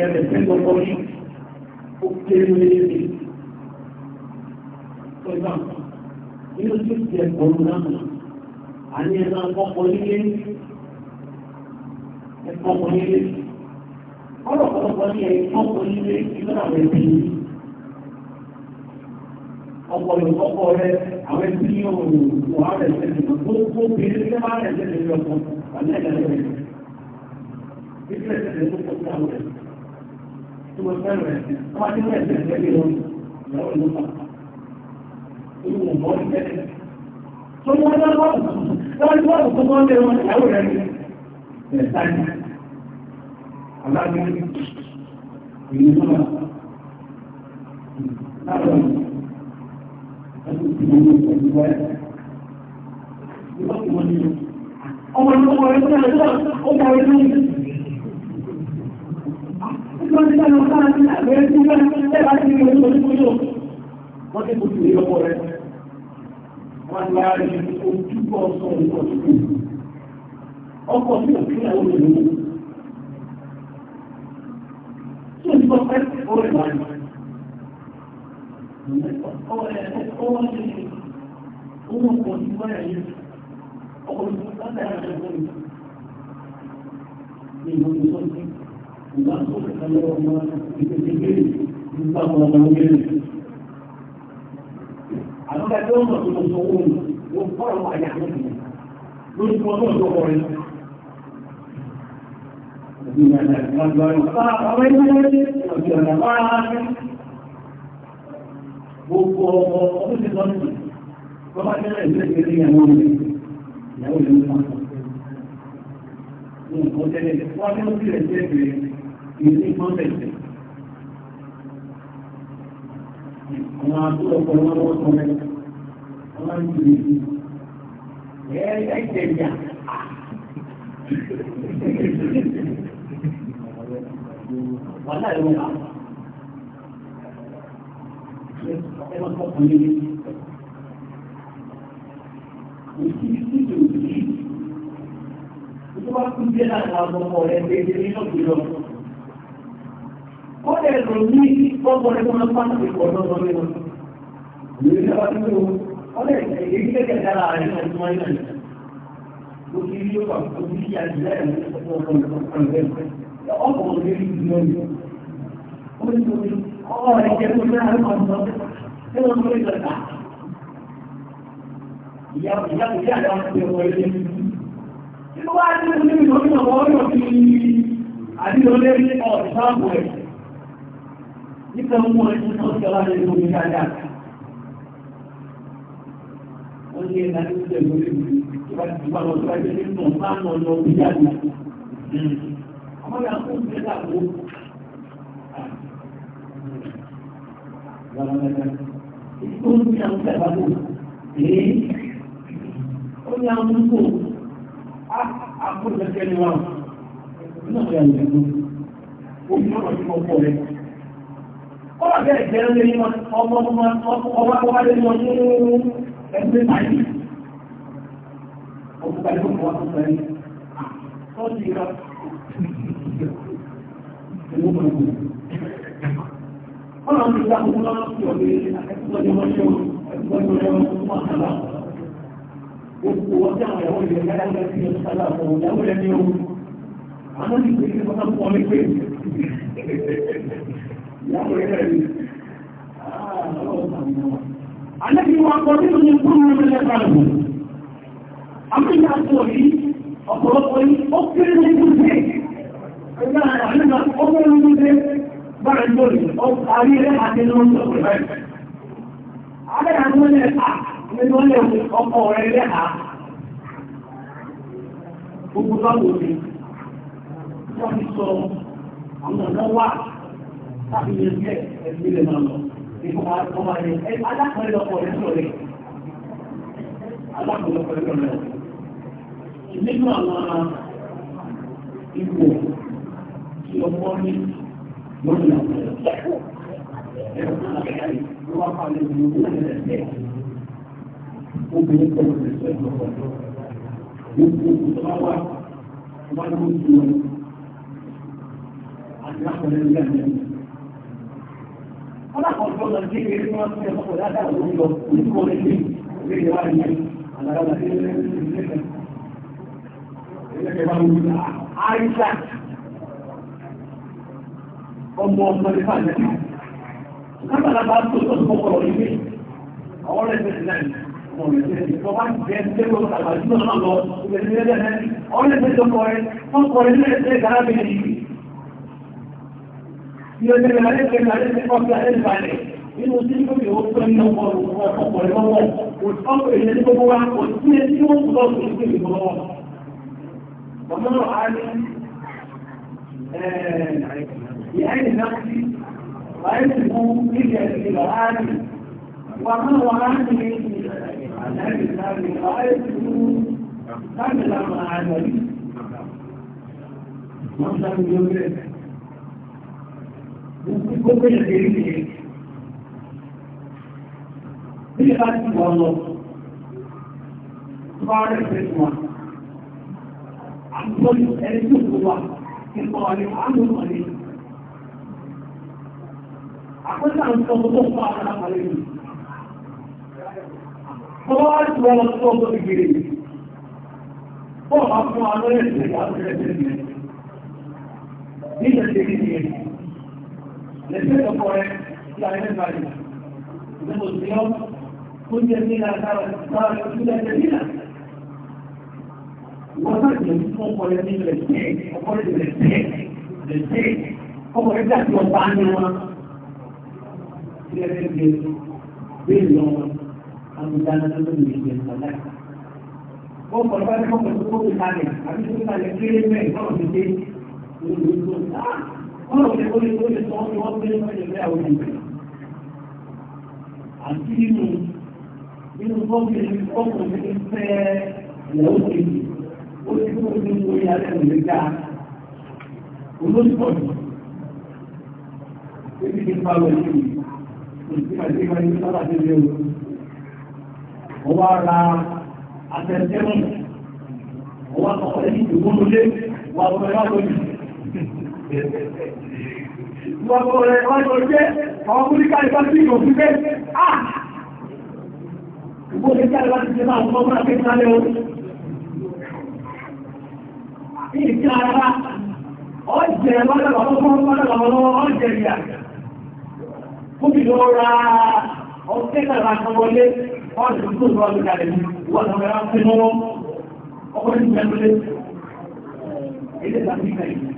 ẹ̀rẹ̀ pẹ̀lú ọkọ̀ ní ó kéré léèrè pẹ̀lú inú tí ó ti ẹ̀kọ́rù náà àní ẹ̀nà ọkọ̀ nílé ẹ̀kọ́kọ̀ nílé ọ̀rọ̀ ọ̀pọ̀lọpọ̀ ní ẹ̀kọ́kọ̀ nílé ìlànà ẹ̀bí ọ̀pọ̀lọpọ̀ rẹ̀ àwọn ẹbí ní òòrùn wà rẹ̀ sẹ́lẹ̀ gbogbo obìnrin tẹ́ máa rẹ̀ sẹ́lẹ̀ lọ́pọ̀ àti ẹ̀dá rẹ̀ tí mo fẹ́ràn rẹ̀ wọ́n máa ti rẹ̀ rẹ̀ lẹ́gbẹ̀ẹ́ lórí ìyàwó ìlú kan. Olú wọn bọ́ ní tẹ́lẹ̀. Tó ní wọ́n lọ́wọ́ lọ́wọ́ lọ́wọ́ tó wọ́n lé wọn ìyàwó rẹ̀ ní ẹ̀ta ni. Aláàbí ìlú náà láàárọ̀ ẹ̀sùn tí wọ́n ní ìpẹ̀lú wáyé. Ìwọ́n ti wọ́n ní ọmọ ìlú wọn rẹ̀ Wọ́n tí kò tún ọkọ̀ rẹ̀. Wọ́n àwọn ènìyàn. Tí ò ti bọ́ pẹ́ orí wà ní. Ọwọ́ ti owó ọkọ̀ ní wáyà yìí. Ọkọ̀ ní wáyà yìí. Ní ìwọ̀n ìwọ̀n nǹkan lọ́wọ́ wọn ìpèsè bẹ́ẹ̀ nípa ọmọ ọmọ bẹ́ẹ̀. Àwọn ọ̀gá tó ń mọ̀ tó sọ owó ni wọ́n fọ́ọ̀rọ̀ wà yà lórí lórí fún ọmọ ọ̀dọ́ ọ̀rẹ́. Gbogbo ọmọ ọdún ti lọ́nà, bọ́bá tẹ́lẹ̀ ìlú ìgbèrè ìyàwó rẹ̀, ìyàwó rẹ̀ ló máa ń sọ. Nǹkan tẹ́lẹ̀, wọ́n á tẹ́lẹ̀ sí ẹ̀jẹ̀ ìgbèrè ìlú Àwọn àtúrọ̀pọ̀ wọn wọ́n sọ mẹ́ wọ́n ń jù ní ẹ̀ẹ́dẹ̀ ìjà. Wọ́n láì wọ́n náà. Ẹ máa kọ́ kan níbi. Òṣìṣẹ́ tí yóò yí. Ó tó bá kú díẹ̀ láti àwọn ọmọ rẹ̀ ń gbé ní ọ̀gbìn lọ kódà ẹ̀rọ ní ọgbọ̀n ẹgbẹ́ wọn pàtó ìkọ̀ọ̀dọ́ wọn lé wọn. Lórí ẹ̀rọ tí ó ọdẹ èyí kẹ́kẹ́ dára rẹ̀ náà tí wọ́n yàn. Mo ti rí ọkọ̀ tó ní ìyá ìlẹ́ ẹ̀rọ ní ọkọ̀ ọ̀gbọ̀n ọ̀gbọ̀n Ìyá ìyá ìyá àwọn ọmọ ẹgbẹ́ wọlé. Ìlú wa ní ìlú ìlú ìlú ọ̀gbọ̀n ọ̀gbọ̀n ti àdínlọ́lé ní ọ̀sáàbù ẹ̀sìn kíkẹ́ mú ẹni tó ṣẹlá lè lórí dáadáa. Wọ́n ní ẹ̀dá tó ṣẹ̀ lórí mi, ìwà ìgbà lọ síwájú ní ìtàn bá lọ lọ bí jáde. Àwọn ìyá kó ń fẹ́ dàgbò. Ìgbà tó ń fi àwọn ìjàmbá lò, èé, ó ní àwọn ń kò, á, àkójọ kẹ́ni wa, náà yà lè lò, ó ní ọ̀rọ̀ tí mo kọ̀ rẹ̀ kọ́lá bẹ́ẹ̀ jẹ́rẹ́ lé wọn ọmọ ọmọ ọmọ lé wọn ní ẹgbẹ́ báyìí. Ọkùnrin báyìí kò wá fún báyìí. Sọ́ọ̀tì rẹ̀ ẹ̀wọ́n mọ̀ ní. Kọ́lá ti gba ọmọ náà sí ọ̀gbẹ́ ẹgbẹ́ wọn ṣe wọn ẹgbẹ́ wọn ṣe wọn fún àkàlà. Gbogbo wọn tí àwọn ìyàwó ìyẹn yára lọ sí ọ̀sán láàbọ̀ ìyàwó rẹ̀ ní ohun. Àwọn ìgbésẹ̀ wọn kọ́ mi pé. Àlẹ́bí wa kọ́ tí ó ní fún ọmọ ẹlẹ́gbà rẹ̀. Àmìyà tó rí ọ̀pọ̀lọpọ̀ yìí, ó kéré ní ìgbésẹ̀. Ẹgbẹ́ àlẹ́gbà ni láti yẹn jẹ́ ẹ̀sìn ilẹ̀ náà lọ. Ìfọ̀mọ̀ ọmọ ẹni alákọ̀ọ́lẹ̀ lọ́pọ̀ rẹ̀ sọ̀rọ̀ rẹ̀. Alákọ̀ọ́lẹ̀ lọ́pọ̀ rẹ̀ sọ̀rọ̀ rẹ̀. Nínú àwọn ipò tí ọmọ ní lórí àwọn ẹ̀rọ ẹ̀rọ ló wá palẹ̀ ní owó ẹ̀rẹ̀ obìnrin pẹ̀lú ẹ̀sẹ̀ lọ́pọ̀ gbogbo ìjọba wa wá lójú wọn. Àti lápẹ̀lẹ̀ ní àná Ọmọ ọmọ ìfà ìjẹta. Kábàlá bá tó tó tó kọ̀rọ̀ ilé, àwọn ọ̀rẹ́ ìfẹ́ ìlànà, ọmọ ìfẹ́ ìjọba jẹ́ tẹ́lọ tàbí lọ́nà lọ, ìgbẹ̀lẹ́lẹ́lẹ́ ọ̀rẹ́ ìfẹ́ ìjọba rẹ̀, wọ́n kọ̀rọ̀ ilé ẹgbẹ́ ìgbàlábẹ̀ẹ́ يقول لما لك ما لك قصة ألف عليه المسلم يوصل النوم والحب والموت والفقر الذي هو والسنة التي هو مضاف إليه بالله ومن عالم يعني نفسي وأنه إيه يجعل إلى عالم ومن هو عالم عن هذه الآية وأنه تعمل عن عالم من لم يدرك ó pé ìlérí ìlérí. Bí ẹ bá ti wọ́n lọ, bá rẹ̀ fẹ́ fún wa. Àtúntò ẹni tó kò wà, ìpọ̀ wà ní àánú wà ní. Àkọ́sà ń sọ tó fún àwọn àpàlẹ́ yìí. Ọwọ́ wá ti wọ́n lọ sí ọgbọ́n ìgbèrè yìí. Bọ́ọ̀ respeto por él, la vez válida. Tenemos Dios, un día mira cada lectura de vida. Gozar de mismo por el mismo respeto, o por el respeto, respeto, o por esa compañía. Tiene que verlo a mitad de la vivienda. Vos por favor, como tú sabes, a mí tú sabes que eres mejor que kọ́nà òṣèlú lè tó lè tọ́ ní fẹ́ ìyàwó kejì ó ti kó ní orí alẹ́ òní ga olóṣùpọ̀jù ebi ti pa wẹ̀ sí òsì ìwà ní sábà ti lé o ó ra atẹ̀tẹ̀mọ̀ ó wá kọ́kọ́ lẹ́yìn ìgbóhùn lé wà lọ́wọ́ lọ́wọ́ lórí. Gbogbo rẹ̀ ọjọ́ jẹ́ àwọn múlíkà ìbá sí ìròfin bẹ́. Ah! Gbogbo ìjá ìbá ti jẹ́ máa mọ́ máa fẹ́ sálẹ̀ o. Ìjá ara, ọjẹ́ lọ́lọ́lọ́lọ́lọ́lọ́lọ́ ọjẹ́ ìyà. Kúbi lọ ra ọ̀kẹ́ kàrà kan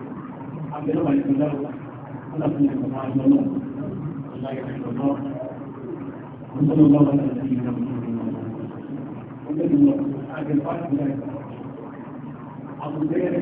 àbẹ̀lọ́ wà nìkan dáwọ́ aláàfin ẹ̀kọ́ máa yọ náà láyé ẹ̀kọ́ náà wọ́n tó lọ́wọ́ wọn láti fi ìrìnà wọ́n tó lọ àgbẹ̀ pàtó láyé àbùdé ẹ̀rẹ́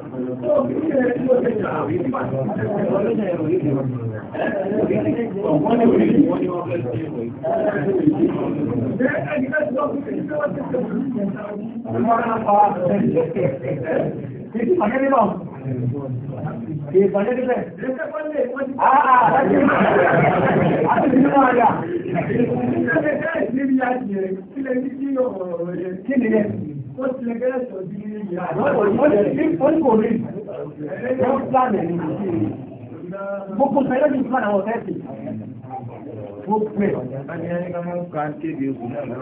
Kí ni ẹ? ó ti lè gẹ́rẹ́ sọ bí ìyá Gbogbo ìfẹ́lẹ́ àwọn ọ̀fẹ́ sí.